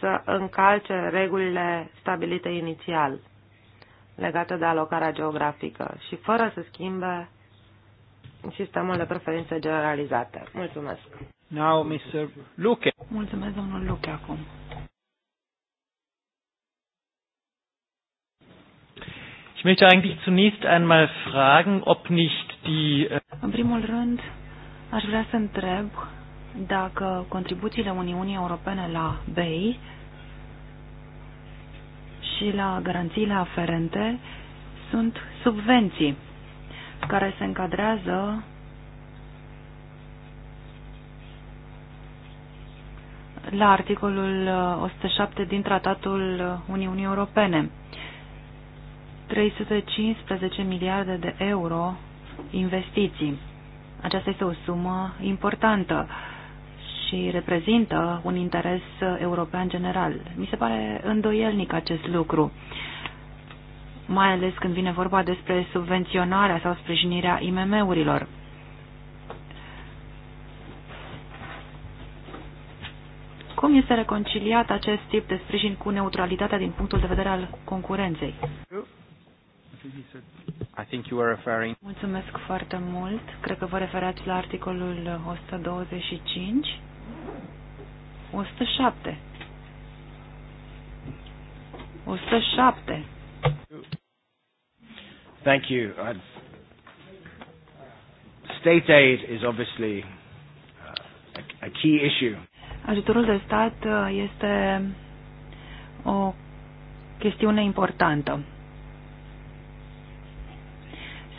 să încalce regulile stabilite inițial legată de alocarea geografică și fără să schimbe sistemul de preferințe generalizate. Mulțumesc. Now, Mr. Luke. Mulțumesc, domnul Luke, acum. Ich möchte eigentlich zunächst einmal fragen, ob nicht die... Äh, În primul rând, aș vrea să întreb dacă contribuțiile Uniunii Europene la BEI și la garanțiile aferente sunt subvenții care se încadrează la articolul 107 uh, din Tratatul Uniunii Europene. 315 miliarde de euro investiții. Aceasta este o sumă importantă și reprezintă un interes european general. Mi se pare îndoielnic acest lucru, mai ales când vine vorba despre subvenționarea sau sprijinirea IMM-urilor. Cum este reconciliat acest tip de sprijin cu neutralitatea din punctul de vedere al concurenței? I think you are referring... Mulțumesc foarte mult. Cred că vă referați la articolul 125. 107. 107. Thank you. I'd... Uh, state aid is obviously uh, a key issue. Ajutorul de stat uh, este o chestiune importantă.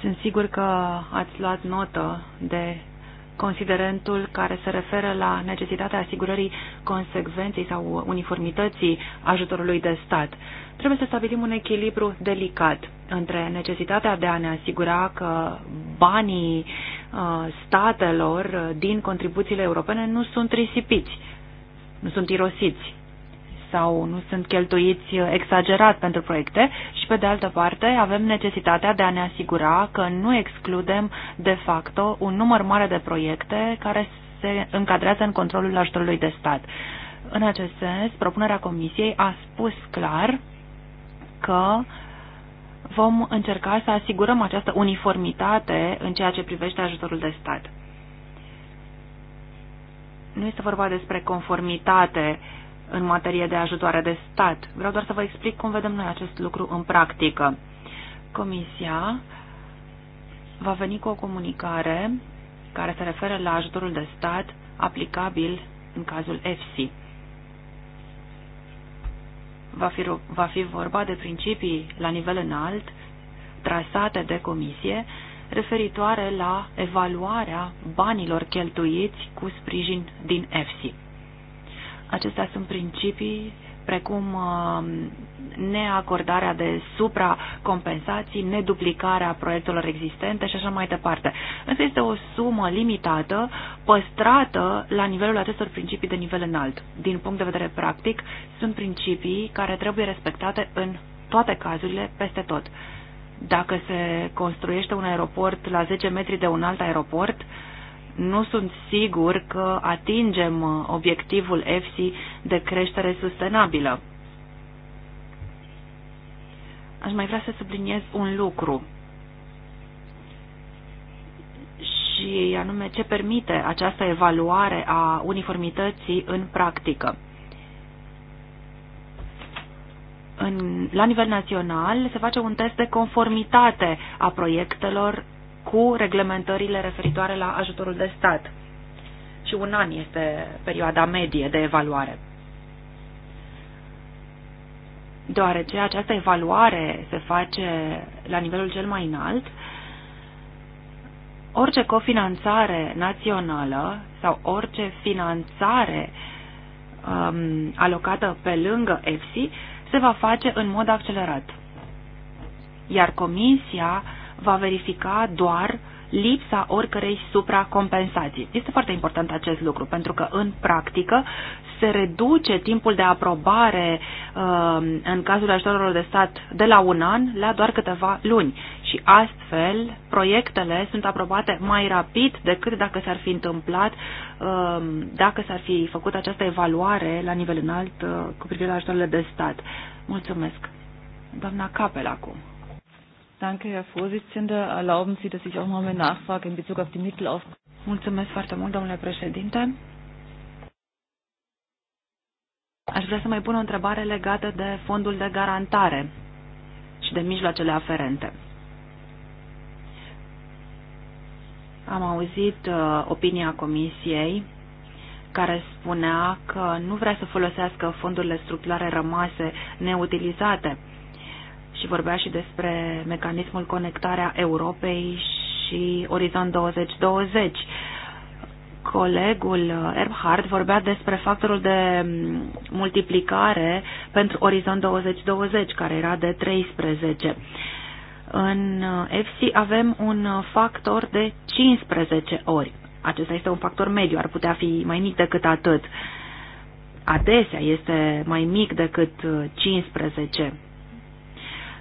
Sunt sigur că ați luat notă de considerentul care se referă la necesitatea asigurării consecvenței sau uniformității ajutorului de stat. Trebuie să stabilim un echilibru delicat între necesitatea de a ne asigura că banii uh, statelor uh, din contribuțiile europene nu sunt risipiți, nu sunt irosiți sau nu sunt cheltuiți exagerat pentru proiecte și, pe de altă parte, avem necesitatea de a ne asigura că nu excludem de facto un număr mare de proiecte care se încadrează în controlul ajutorului de stat. În acest sens, propunerea Comisiei a spus clar că vom încerca să asigurăm această uniformitate în ceea ce privește ajutorul de stat. Nu este vorba despre conformitate în materie de ajutoare de stat. Vreau doar să vă explic cum vedem noi acest lucru în practică. Comisia va veni cu o comunicare care se referă la ajutorul de stat aplicabil în cazul EFSI. Va fi, va fi vorba de principii la nivel înalt trasate de comisie referitoare la evaluarea banilor cheltuiți cu sprijin din EFSI. Acestea sunt principii precum um, neacordarea de supracompensații, neduplicarea proiectelor existente și așa mai departe. Însă este o sumă limitată păstrată la nivelul acestor principii de nivel înalt. Din punct de vedere practic, sunt principii care trebuie respectate în toate cazurile, peste tot. Dacă se construiește un aeroport la 10 metri de un alt aeroport, uh, nu sunt sigur că atingem uh, obiectivul EFSI de creștere sustenabilă. Aș mai vrea să subliniez un lucru și anume ce permite această evaluare a uniformității în practică. În, la nivel național se face un test de conformitate a proiectelor cu reglementările referitoare la ajutorul de stat. Și un an este perioada medie de evaluare. Deoarece această evaluare se face la nivelul cel mai înalt, orice cofinanțare națională sau orice finanțare um, alocată pe lângă EFSI se va face în mod accelerat. Iar Comisia uh, va verifica doar lipsa oricărei supracompensații. Este foarte important acest lucru, pentru că în practică se reduce timpul de aprobare um, în cazul ajutorilor de stat de la un an la doar câteva luni și astfel proiectele sunt aprobate mai rapid decât dacă s-ar fi întâmplat, um, dacă s-ar fi făcut această evaluare la nivel înalt uh, cu privire la ajutorile de stat. Mulțumesc. Doamna Capel acum. Danke, Herr Vorsitzender. Erlauben Sie, dass ich auch noch mal nachfrage in Bezug auf die Mittel auf. Mulțumesc foarte mult, domnule președinte. Aș vrea să mai pun o întrebare legată de fondul de garantare și de mijloacele aferente. Am auzit uh, opinia Comisiei care spunea că nu vrea să folosească fondurile structurale rămase neutilizate și vorbea și despre mecanismul conectarea Europei și Orizont 2020. Colegul Erbhard vorbea despre factorul de multiplicare pentru Orizont 2020, care era de 13. În EFSI avem un factor de 15 ori. Acesta este un factor mediu, ar putea fi mai mic decât atât adesea este mai mic decât 15.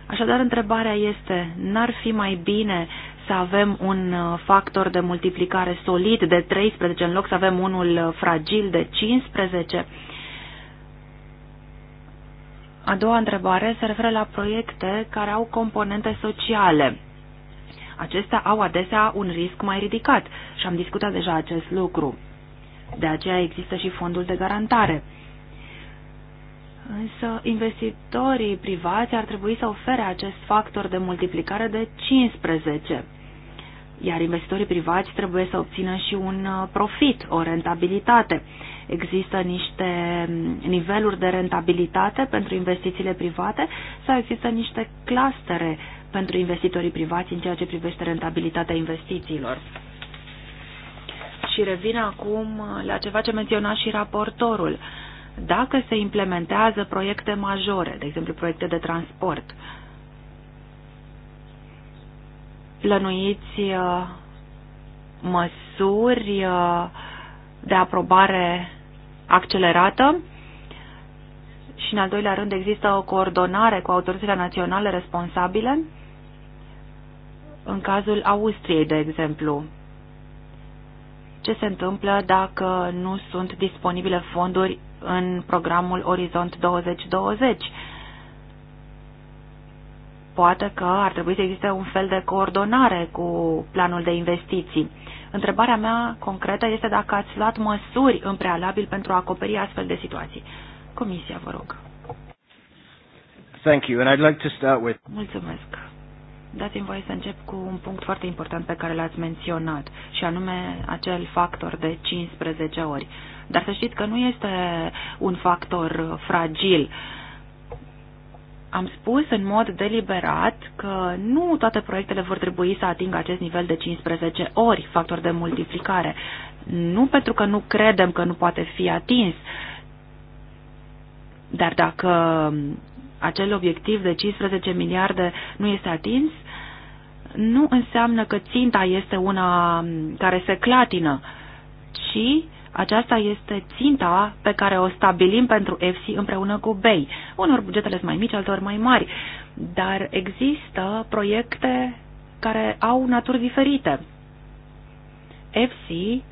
Așadar, întrebarea este, n-ar fi mai bine să avem un uh, factor de multiplicare solid de 13 în loc să avem unul uh, fragil de 15? A doua întrebare se referă la proiecte care au componente sociale. Acestea au adesea un risc mai ridicat și am discutat deja acest lucru. De aceea există și fondul de garantare. Însă investitorii privați ar trebui să ofere acest factor de multiplicare de 15, iar investitorii privați trebuie să obțină și un uh, profit, o rentabilitate. Există niște mm, niveluri de rentabilitate pentru investițiile private sau există niște clastere pentru investitorii privați în ceea ce privește rentabilitatea investițiilor. Și revin acum uh, la ceva ce menționa și raportorul. Uh, dacă se implementează proiecte majore, de exemplu proiecte de transport, plănuiți uh, măsuri uh, de aprobare accelerată și, în al doilea rând, există o coordonare cu autoritățile naționale responsabile în cazul Austriei, de exemplu, ce se întâmplă dacă nu sunt disponibile fonduri în programul Orizont 2020. Poate că ar trebui să existe un fel de coordonare cu planul de investiții. Întrebarea mea concretă este dacă ați luat măsuri în prealabil pentru a acoperi astfel de situații. Comisia, vă rog. Thank you, and I'd like to start with... Mulțumesc. Dați-mi voie să încep cu un punct foarte important pe care l-ați menționat, și anume acel factor de 15 ori. Dar să știți că nu este un factor fragil. Am spus în mod deliberat că nu toate proiectele vor trebui să atingă acest nivel de 15 ori factor de multiplicare. Nu pentru că nu credem că nu poate fi atins, dar dacă acel obiectiv de 15 miliarde nu este atins, nu înseamnă că ținta este una mm, care se clatină, ci aceasta este ținta pe care o stabilim pentru FC împreună cu BEI. Unor bugetele sunt mai mici, altor mai mari, dar există proiecte care au naturi diferite. FC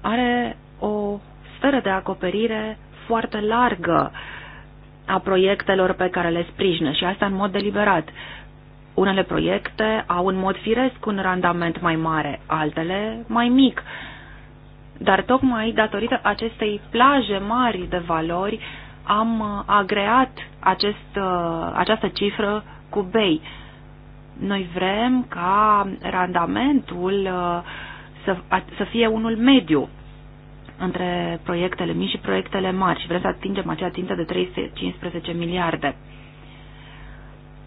are o sferă de acoperire foarte largă a proiectelor pe care le sprijină și asta în mod deliberat. Unele proiecte au în mod firesc un randament mai mare, altele mai mic. Dar tocmai datorită acestei plaje mari de valori am uh, agreat acest, uh, această cifră cu bei. Noi vrem ca randamentul uh, să, să fie unul mediu între proiectele mici și proiectele mari și vrem să atingem acea țintă de 315 miliarde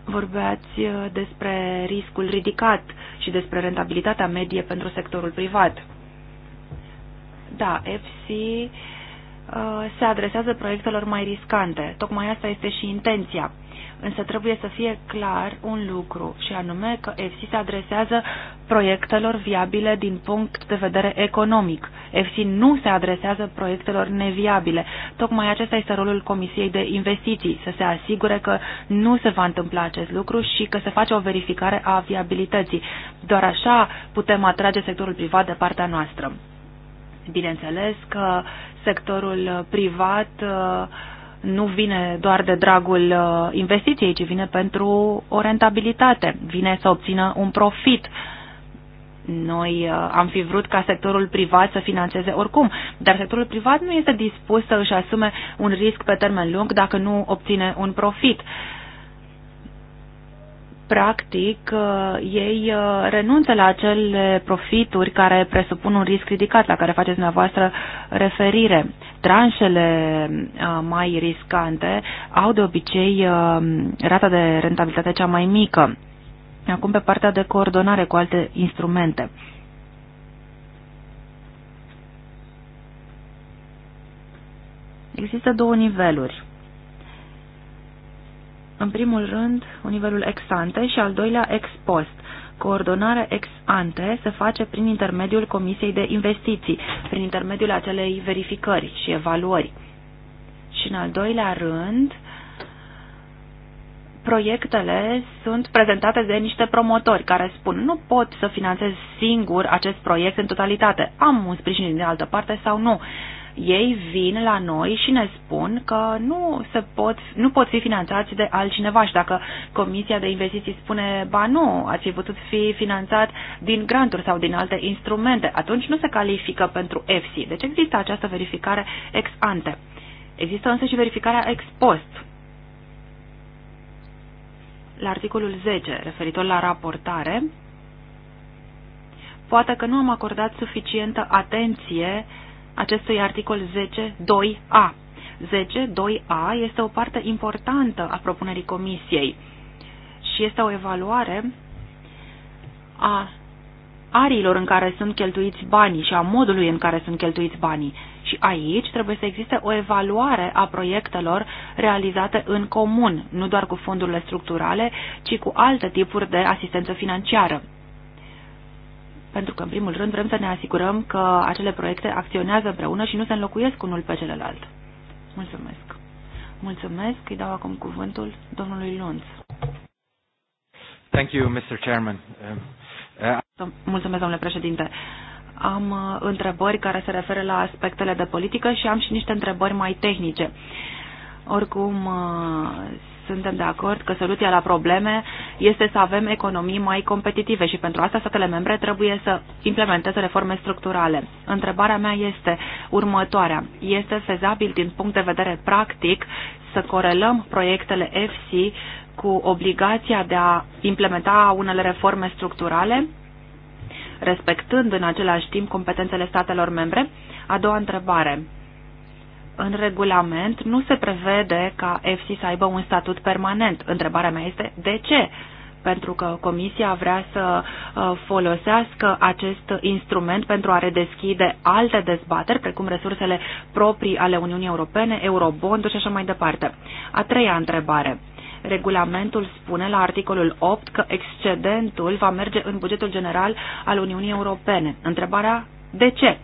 vorbeați uh, despre riscul ridicat și despre rentabilitatea medie pentru sectorul privat. Da, FC uh, se adresează proiectelor mai riscante. Tocmai asta este și intenția. Însă trebuie să fie clar un lucru, și anume că EFSI se adresează proiectelor viabile din punct de vedere economic. EFSI nu se adresează proiectelor neviabile. Tocmai acesta este rolul Comisiei de Investiții, să se asigure că nu se va întâmpla acest lucru și că se face o verificare a viabilității. Doar așa putem atrage sectorul privat de partea noastră. Bineînțeles că sectorul privat uh, nu vine doar de dragul uh, investiției, ci vine pentru o rentabilitate, vine să obțină un profit. Noi uh, am fi vrut ca sectorul privat să financeze oricum, dar sectorul privat nu este dispus să își asume un risc pe termen lung dacă nu obține un profit. Practic, uh, ei renunță la acele profituri care presupun un risc ridicat la care faceți dumneavoastră referire tranșele uh, mai riscante au de obicei uh, rata de rentabilitate cea mai mică. Acum pe partea de coordonare cu alte instrumente. Există două niveluri. În primul rând, un nivelul ex ante și al doilea ex post. Coordonarea ex ante se face prin intermediul Comisiei de Investiții, prin intermediul acelei verificări și evaluări. Și în al doilea rând, proiectele sunt prezentate de niște promotori care spun nu pot să finanțez singur acest proiect în totalitate, am un sprijin din altă parte sau nu ei vin la noi și ne spun că nu, se pot, nu pot fi finanțați de altcineva și dacă Comisia de Investiții spune, ba nu, ați fi putut fi finanțat din granturi sau din alte instrumente, atunci nu se califică pentru EFSI. Deci există această verificare ex ante. Există însă și verificarea ex post. La articolul 10, referitor la raportare, poate că nu am acordat suficientă atenție uh, acestui articol 10.2a. 10.2a este o parte importantă a propunerii comisiei și este o evaluare a ariilor în care sunt cheltuiți banii și a modului în care sunt cheltuiți banii. Și aici trebuie să existe o evaluare a proiectelor realizate în comun, nu doar cu fondurile structurale, ci cu alte tipuri de asistență financiară pentru că, în primul rând, vrem să ne asigurăm că acele proiecte acționează împreună și nu se înlocuiesc unul pe celălalt. Mulțumesc. Mulțumesc. Îi dau acum cuvântul domnului Lunț. Thank you, Mr. Chairman. Mulțumesc, domnule președinte. Am uh, întrebări care se referă la aspectele de politică și am și niște întrebări mai tehnice. Oricum, uh, suntem de acord că soluția la probleme este să avem economii mai competitive și pentru asta statele membre trebuie să implementeze reforme structurale. Întrebarea mea este următoarea. Este fezabil din punct de vedere practic să corelăm proiectele EFSI cu obligația de a implementa unele reforme structurale, respectând în același timp competențele statelor membre? A doua întrebare în regulament nu se prevede ca EFSI să aibă un statut permanent. Întrebarea mea este de ce? Pentru că Comisia vrea să uh, folosească acest instrument pentru a redeschide alte dezbateri, precum resursele proprii ale Uniunii Europene, eurobonduri și așa mai departe. A treia întrebare. Regulamentul spune la articolul 8 că excedentul va merge în bugetul general al Uniunii Europene. Întrebarea de ce?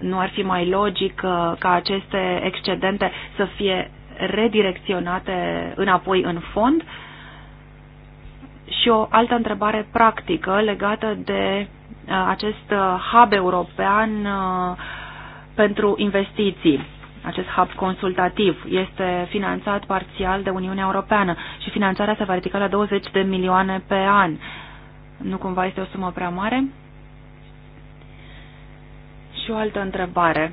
nu ar fi mai logic uh, ca aceste excedente să fie redirecționate înapoi în fond? Și o altă întrebare practică legată de uh, acest uh, hub european pentru investiții. Acest hub consultativ este finanțat parțial de Uniunea Europeană și finanțarea se va ridica la 20 de milioane pe an. Nu cumva este o sumă prea mare? și o altă întrebare.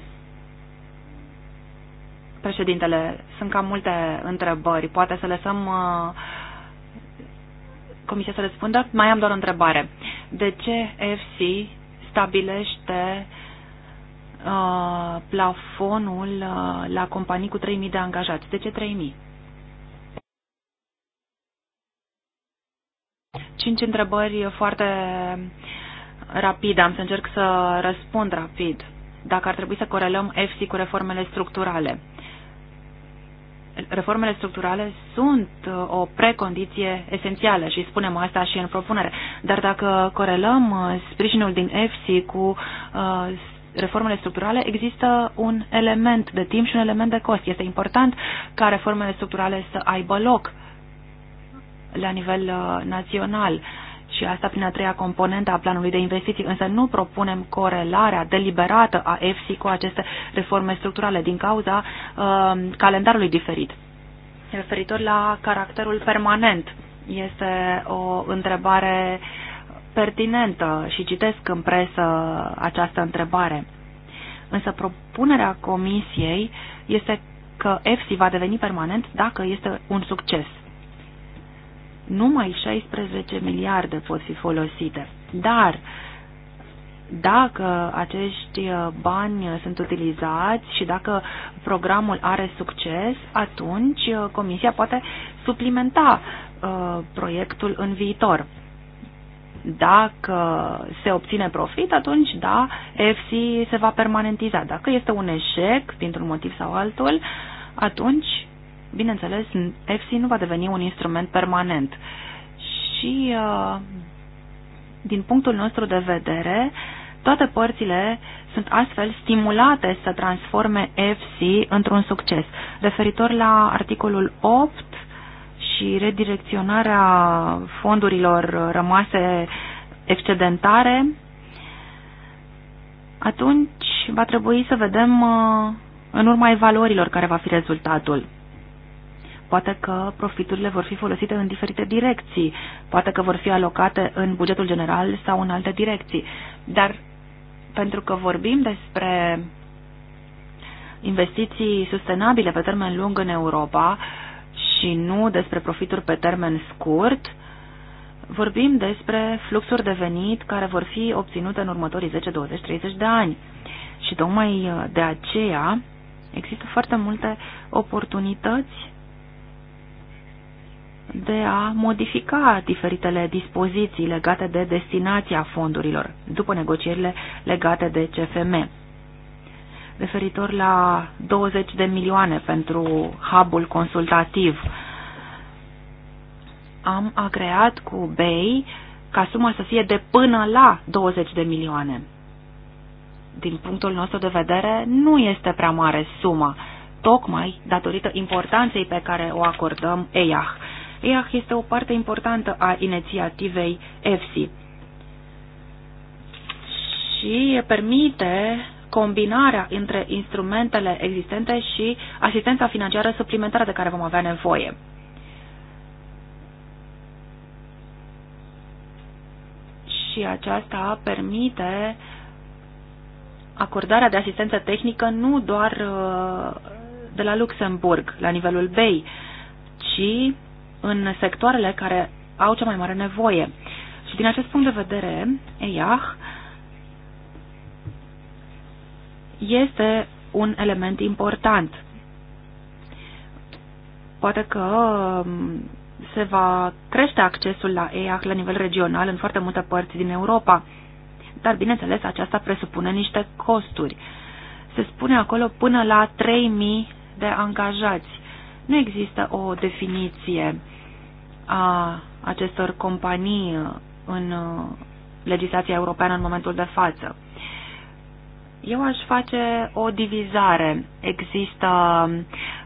Președintele, sunt cam multe întrebări. Poate să lăsăm uh, comisia să răspundă? Mai am doar o întrebare. De ce FC stabilește uh, plafonul uh, la companii cu 3.000 de angajați? De ce 3.000? Cinci întrebări foarte uh, rapid, am să încerc să răspund rapid, dacă ar trebui să corelăm FC cu reformele structurale. Reformele structurale sunt uh, o precondiție esențială și spunem asta și în propunere. Dar dacă corelăm uh, sprijinul din EFSI cu uh, reformele structurale, există un element de timp și un element de cost. Este important ca reformele structurale să aibă loc la nivel național și asta prin a treia componentă a planului de investiții, însă nu propunem corelarea deliberată a EFSI cu aceste reforme structurale din cauza uh, calendarului diferit. Referitor la caracterul permanent, este o întrebare pertinentă și citesc în presă această întrebare. Însă propunerea comisiei este că EFSI va deveni permanent dacă este un succes numai 16 miliarde pot fi folosite. Dar dacă acești uh, bani sunt utilizați și dacă programul are succes, atunci uh, Comisia poate suplimenta uh, proiectul în viitor. Dacă se obține profit, atunci da, FC se va permanentiza. Dacă este un eșec, dintr-un motiv sau altul, atunci Bineînțeles, FC nu va deveni un instrument permanent și uh, din punctul nostru de vedere, toate părțile sunt astfel stimulate să transforme FC într-un succes. Referitor la articolul 8 și redirecționarea fondurilor rămase excedentare, atunci va trebui să vedem uh, în urma evaluărilor care va fi rezultatul. Poate că profiturile vor fi folosite în diferite direcții, poate că vor fi alocate în bugetul general sau în alte direcții. Dar pentru că vorbim despre investiții sustenabile pe termen lung în Europa și nu despre profituri pe termen scurt, vorbim despre fluxuri de venit care vor fi obținute în următorii 10, 20, 30 de ani. Și tocmai de aceea există foarte multe oportunități de a modifica diferitele dispoziții legate de destinația fondurilor după negocierile legate de CFM. Referitor la 20 de milioane pentru hubul consultativ, am agreat cu BEI ca suma să fie de până la 20 de milioane. Din punctul nostru de vedere, nu este prea mare suma, tocmai datorită importanței pe care o acordăm EIAH EAH este o parte importantă a inițiativei EFSI și permite combinarea între instrumentele existente și asistența financiară suplimentară de care vom avea nevoie. Și aceasta permite acordarea de asistență tehnică nu doar uh, de la Luxemburg, la nivelul BEI, ci în sectoarele care au cea mai mare nevoie. Și din acest punct de vedere, EIAH este un element important. Poate că um, se va crește accesul la EIAH la nivel regional în foarte multe părți din Europa, dar bineînțeles aceasta presupune niște costuri. Se spune acolo până la 3.000 de angajați. Nu există o definiție a acestor companii în uh, legislația europeană în momentul de față. Eu aș face o divizare. Există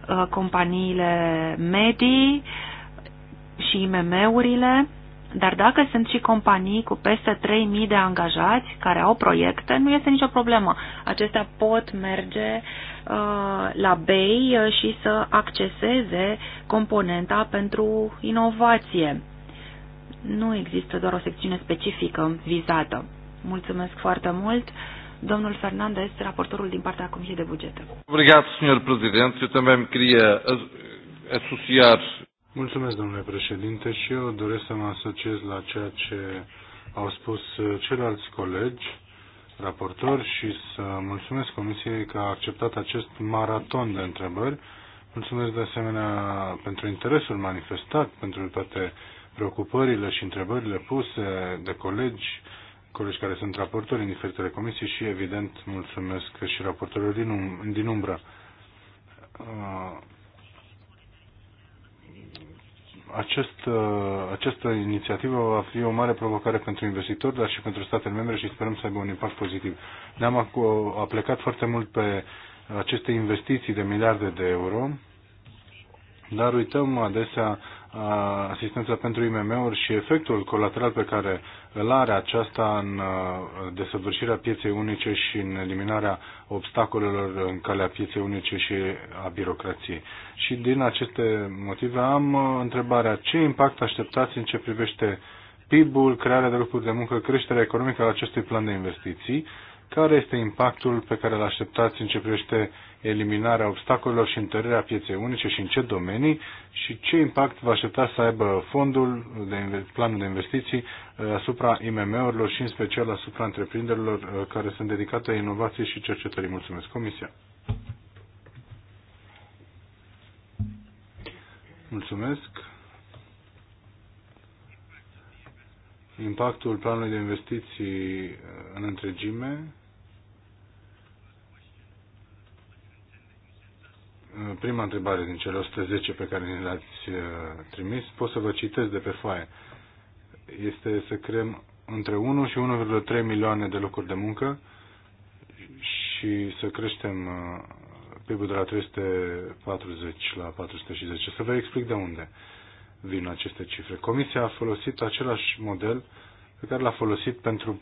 uh, companiile medii și IMM-urile dar dacă sunt și companii cu peste 3.000 de angajați care au proiecte, nu este nicio problemă. Acestea pot merge uh, la BEI uh, și să acceseze componenta pentru inovație. Nu există doar o secțiune specifică vizată. Mulțumesc foarte mult. Domnul Fernandez, raportorul din partea Comisiei de Bugete. Obrigat, domnule președinte. Eu também me queria associar Mulțumesc, domnule președinte, și eu doresc să mă asociez la ceea ce au spus uh, ceilalți colegi, raportori, și să mulțumesc Comisiei că a acceptat acest maraton de întrebări. Mulțumesc de asemenea pentru interesul manifestat, pentru toate preocupările și întrebările puse de colegi, colegi care sunt raportori în diferitele comisii și, evident, mulțumesc și raportorilor din, um din umbră. Uh acest, uh, această inițiativă va fi o mare provocare pentru investitori, dar și pentru statele membre și sperăm să aibă un impact pozitiv. Ne-am aplicat foarte mult pe aceste investiții de miliarde de euro, dar uităm adesea asistența pentru IMM-uri și efectul colateral pe care îl are aceasta în desăvârșirea pieței unice și în eliminarea obstacolelor în calea pieței unice și a birocrației. Și din aceste motive am întrebarea ce impact așteptați în ce privește PIB-ul, crearea de locuri de muncă, creșterea economică a acestui plan de investiții care este impactul pe care îl așteptați în ce privește eliminarea obstacolelor și întărirea pieței unice și în ce domenii și ce impact va aștepta să aibă fondul, de, planul de investiții uh, asupra IMM-urilor și în special asupra întreprinderilor uh, care sunt dedicate inovației și cercetării. Mulțumesc, Comisia. Mulțumesc. Impactul planului de investiții uh, în întregime Uh, prima întrebare din cele 110 pe care ne le-ați uh, trimis, pot să vă citesc de pe foaie. Este să creăm între 1 și 1,3 milioane de locuri de muncă și să creștem uh, PIB-ul de la 340 la 410. Să vă explic de unde vin aceste cifre. Comisia a folosit același model pe care l-a folosit pentru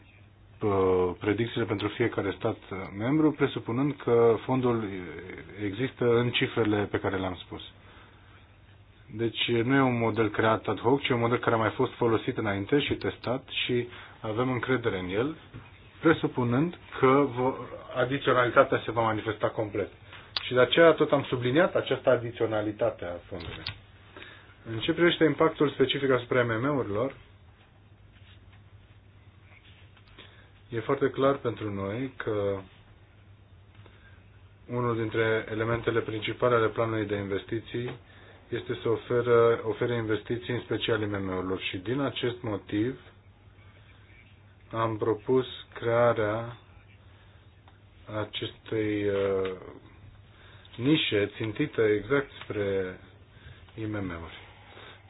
Uh, predicțiile pentru fiecare stat membru, presupunând că fondul există în cifrele pe care le-am spus. Deci nu e un model creat ad hoc, ci un model care a mai fost folosit înainte și testat și avem încredere în el, presupunând că adiționalitatea se va manifesta complet. Și de aceea tot am subliniat această adiționalitate a fondului. În ce privește impactul specific asupra MM-urilor, E foarte clar pentru noi că unul dintre elementele principale ale planului de investiții este să oferă, ofere investiții în special IMM-urilor și din acest motiv am propus crearea acestei uh, nișe țintită exact spre IMM-uri.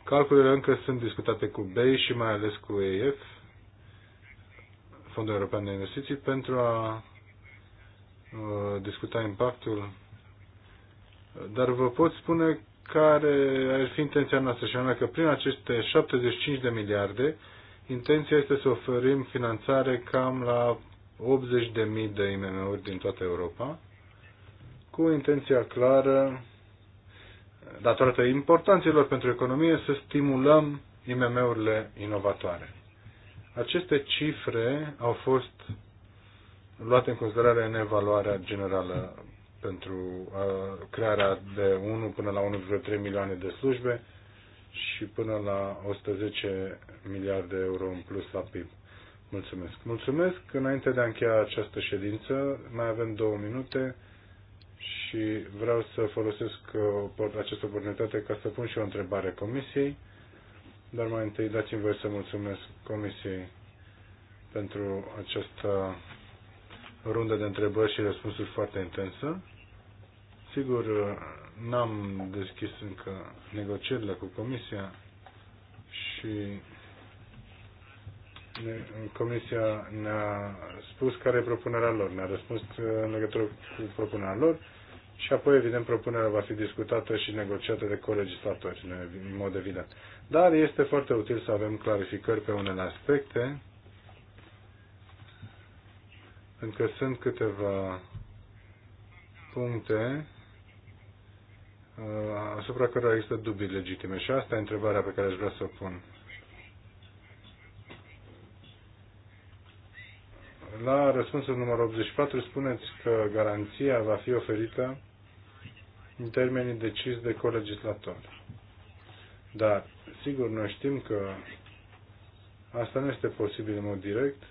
Calculele încă sunt discutate cu BEI și mai ales cu EF Fondul European de Investiții pentru a uh, discuta impactul. Dar vă pot spune care ar fi intenția noastră și anume că prin aceste 75 de miliarde intenția este să oferim finanțare cam la 80.000 de IMM-uri din toată Europa cu intenția clară datorată importanților pentru economie să stimulăm IMM-urile inovatoare. Aceste cifre au fost luate în considerare în evaluarea generală pentru uh, crearea de 1 până la 1,3 milioane de slujbe și până la 110 miliarde de euro în plus la PIB. Mulțumesc. Mulțumesc. Înainte de a încheia această ședință, mai avem două minute și vreau să folosesc uh, această oportunitate ca să pun și o întrebare comisiei. Dar mai întâi dați-mi voi să mulțumesc Comisiei pentru această rundă de întrebări și răspunsuri foarte intensă. Sigur, n-am deschis încă negocierile cu Comisia și Comisia ne-a spus care e propunerea lor, ne-a răspuns uh, în legătură cu propunerea lor și apoi, evident, propunerea va fi discutată și negociată de colegislatori, în mod evident. Dar este foarte util să avem clarificări pe unele aspecte, pentru că sunt câteva puncte uh, asupra cărora există dubii legitime. Și asta e întrebarea pe care aș vrea să o pun. La răspunsul numărul 84 spuneți că garanția va fi oferită în termenii decis de colegislator. Dar, sigur, noi știm că asta nu este posibil în mod direct,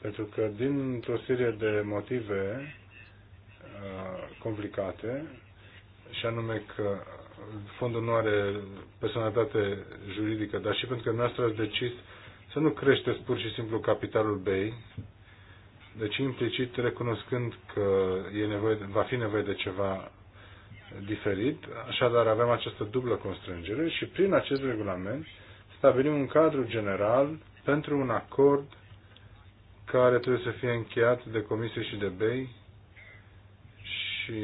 pentru că dintr-o serie de motive uh, complicate, și anume că fondul nu are personalitate juridică, dar și pentru că noastră ați decis să nu crește pur și simplu capitalul BEI, deci implicit recunoscând că e nevoie, va fi nevoie de ceva diferit, așadar avem această dublă constrângere și prin acest regulament stabilim un cadru general pentru un acord care trebuie să fie încheiat de Comisie și de BEI și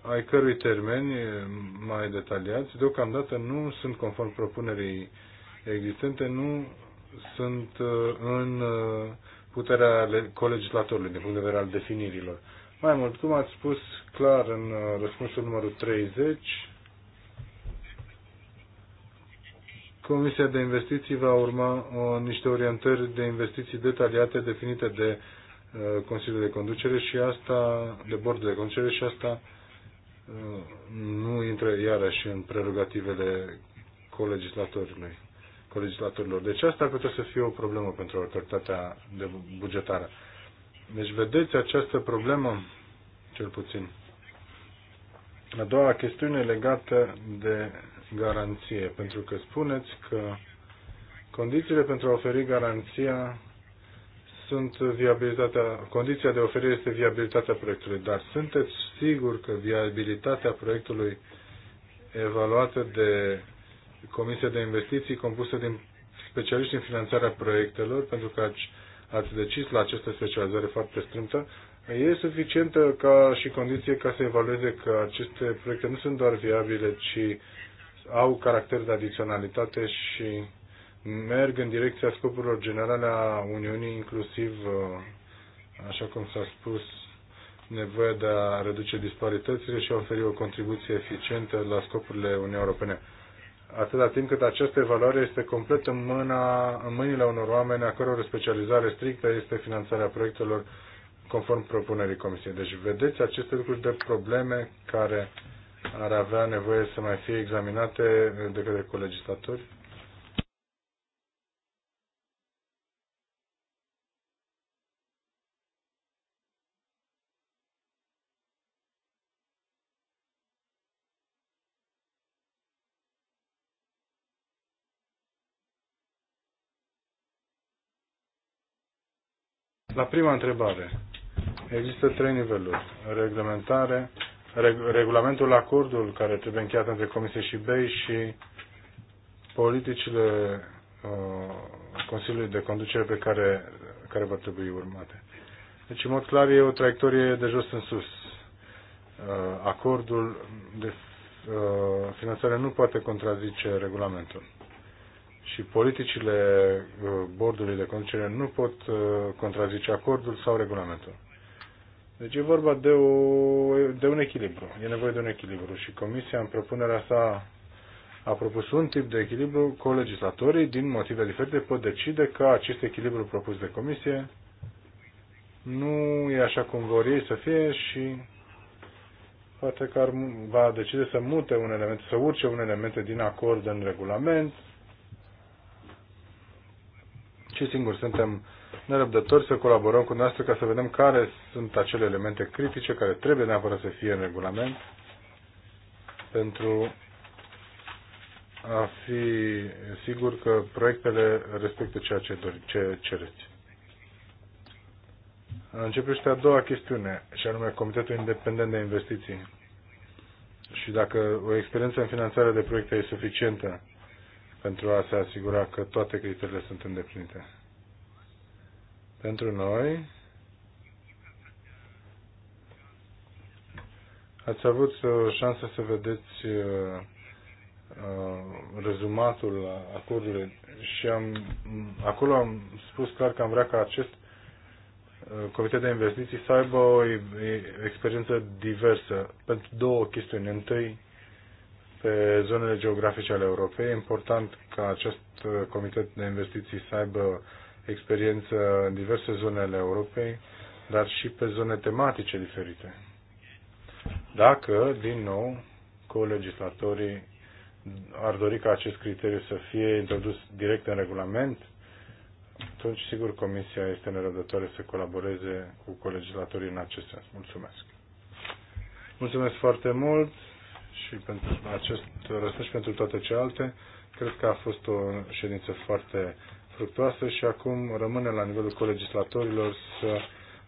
ai cărui termeni mai detaliați deocamdată nu sunt conform propunerii existente nu sunt uh, în uh, puterea colegislatorului din punct de vedere al definirilor. Mai mult, cum ați spus clar în uh, răspunsul numărul 30, Comisia de Investiții va urma o, niște orientări de investiții detaliate definite de uh, Consiliul de Conducere și asta, de bordul de conducere și asta uh, nu intră iarăși în prerogativele colegislatorului colegislatorilor. Deci asta ar putea să fie o problemă pentru autoritatea de bugetară. Deci vedeți această problemă, cel puțin. A doua chestiune legată de garanție, pentru că spuneți că condițiile pentru a oferi garanția sunt viabilitatea, condiția de oferire este viabilitatea proiectului, dar sunteți sigur că viabilitatea proiectului evaluată de Comisia de investiții compusă din specialiști în finanțarea proiectelor, pentru că ați decis la această specializare foarte strâmtă, e suficientă ca și condiție ca să evalueze că aceste proiecte nu sunt doar viabile, ci au caracter de adiționalitate și merg în direcția scopurilor generale a Uniunii, inclusiv, uh, așa cum s-a spus, nevoia de a reduce disparitățile și a oferi o contribuție eficientă la scopurile Uniunii Europene atâta timp cât această evaluare este complet în, mâna, în mâinile unor oameni a căror specializare strictă este finanțarea proiectelor conform propunerii Comisiei. Deci vedeți aceste lucruri de probleme care ar avea nevoie să mai fie examinate de către colegislatori? La prima întrebare, există trei niveluri. Reglementare, reg, regulamentul, acordul care trebuie încheiat între Comisie și BEI și politicile uh, Consiliului de Conducere pe care, care vor trebui urmate. Deci, în mod clar, e o traiectorie de jos în sus. Uh, acordul de uh, finanțare nu poate contrazice regulamentul și politicile uh, bordului de conducere nu pot uh, contrazice acordul sau regulamentul. Deci e vorba de, o, de un echilibru. E nevoie de un echilibru și Comisia în propunerea sa a propus un tip de echilibru. Colegislatorii, din motive diferite, pot decide că acest echilibru propus de Comisie nu e așa cum vor ei să fie și poate că ar, va decide să mute un element, să urce un element din acord în regulament ci singur suntem nerăbdători să colaborăm cu noastră ca să vedem care sunt acele elemente critice care trebuie neapărat să fie în regulament pentru a fi sigur că proiectele respectă ceea ce, dori, ce cereți. Începește a doua chestiune, și anume Comitetul Independent de Investiții. Și dacă o experiență în finanțare de proiecte e suficientă, pentru a se asigura că toate criteriile sunt îndeplinite. Pentru noi, ați avut o șansă să vedeți uh, uh, rezumatul acordului și am, acolo am spus clar că am vrea ca acest uh, comitet de investiții să aibă o experiență diversă pentru două chestiuni. Întâi, pe zonele geografice ale Europei. E important ca acest comitet de investiții să aibă experiență în diverse zone ale Europei, dar și pe zone tematice diferite. Dacă, din nou, colegislatorii ar dori ca acest criteriu să fie introdus direct în regulament, atunci, sigur, Comisia este nerăbdătoare să colaboreze cu colegislatorii în acest sens. Mulțumesc! Mulțumesc foarte mult! și pentru acest răspuns și pentru toate celelalte. Cred că a fost o ședință foarte fructoasă și acum rămâne la nivelul colegislatorilor să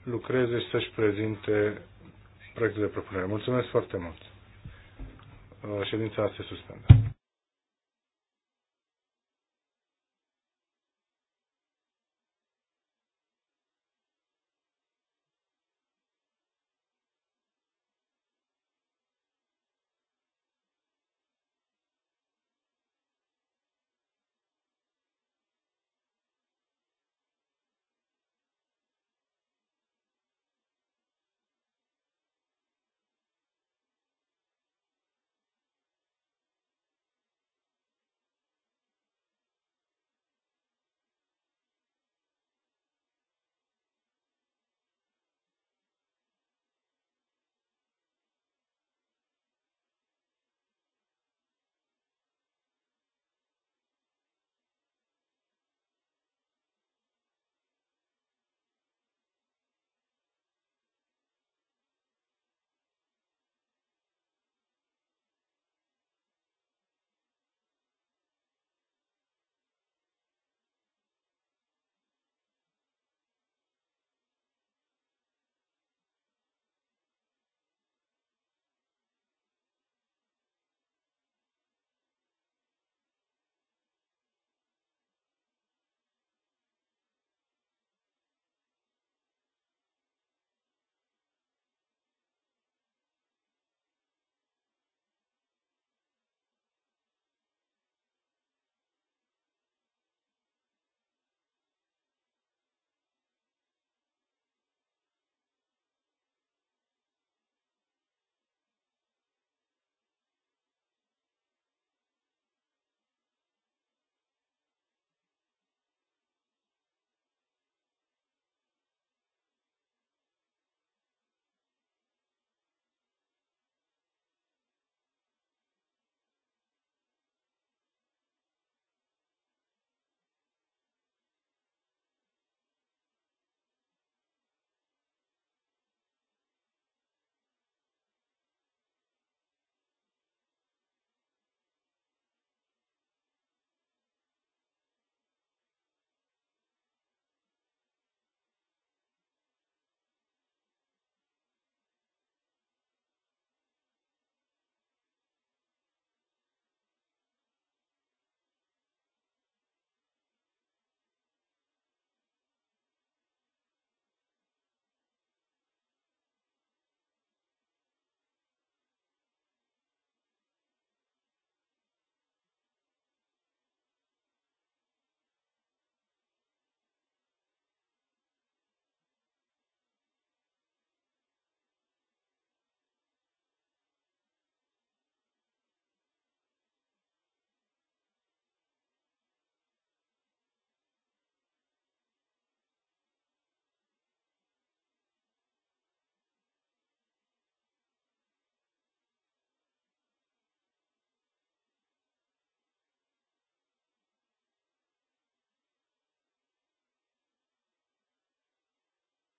lucreze și să-și prezinte proiectul de propunere. Mulțumesc foarte mult. Ședința se suspendă.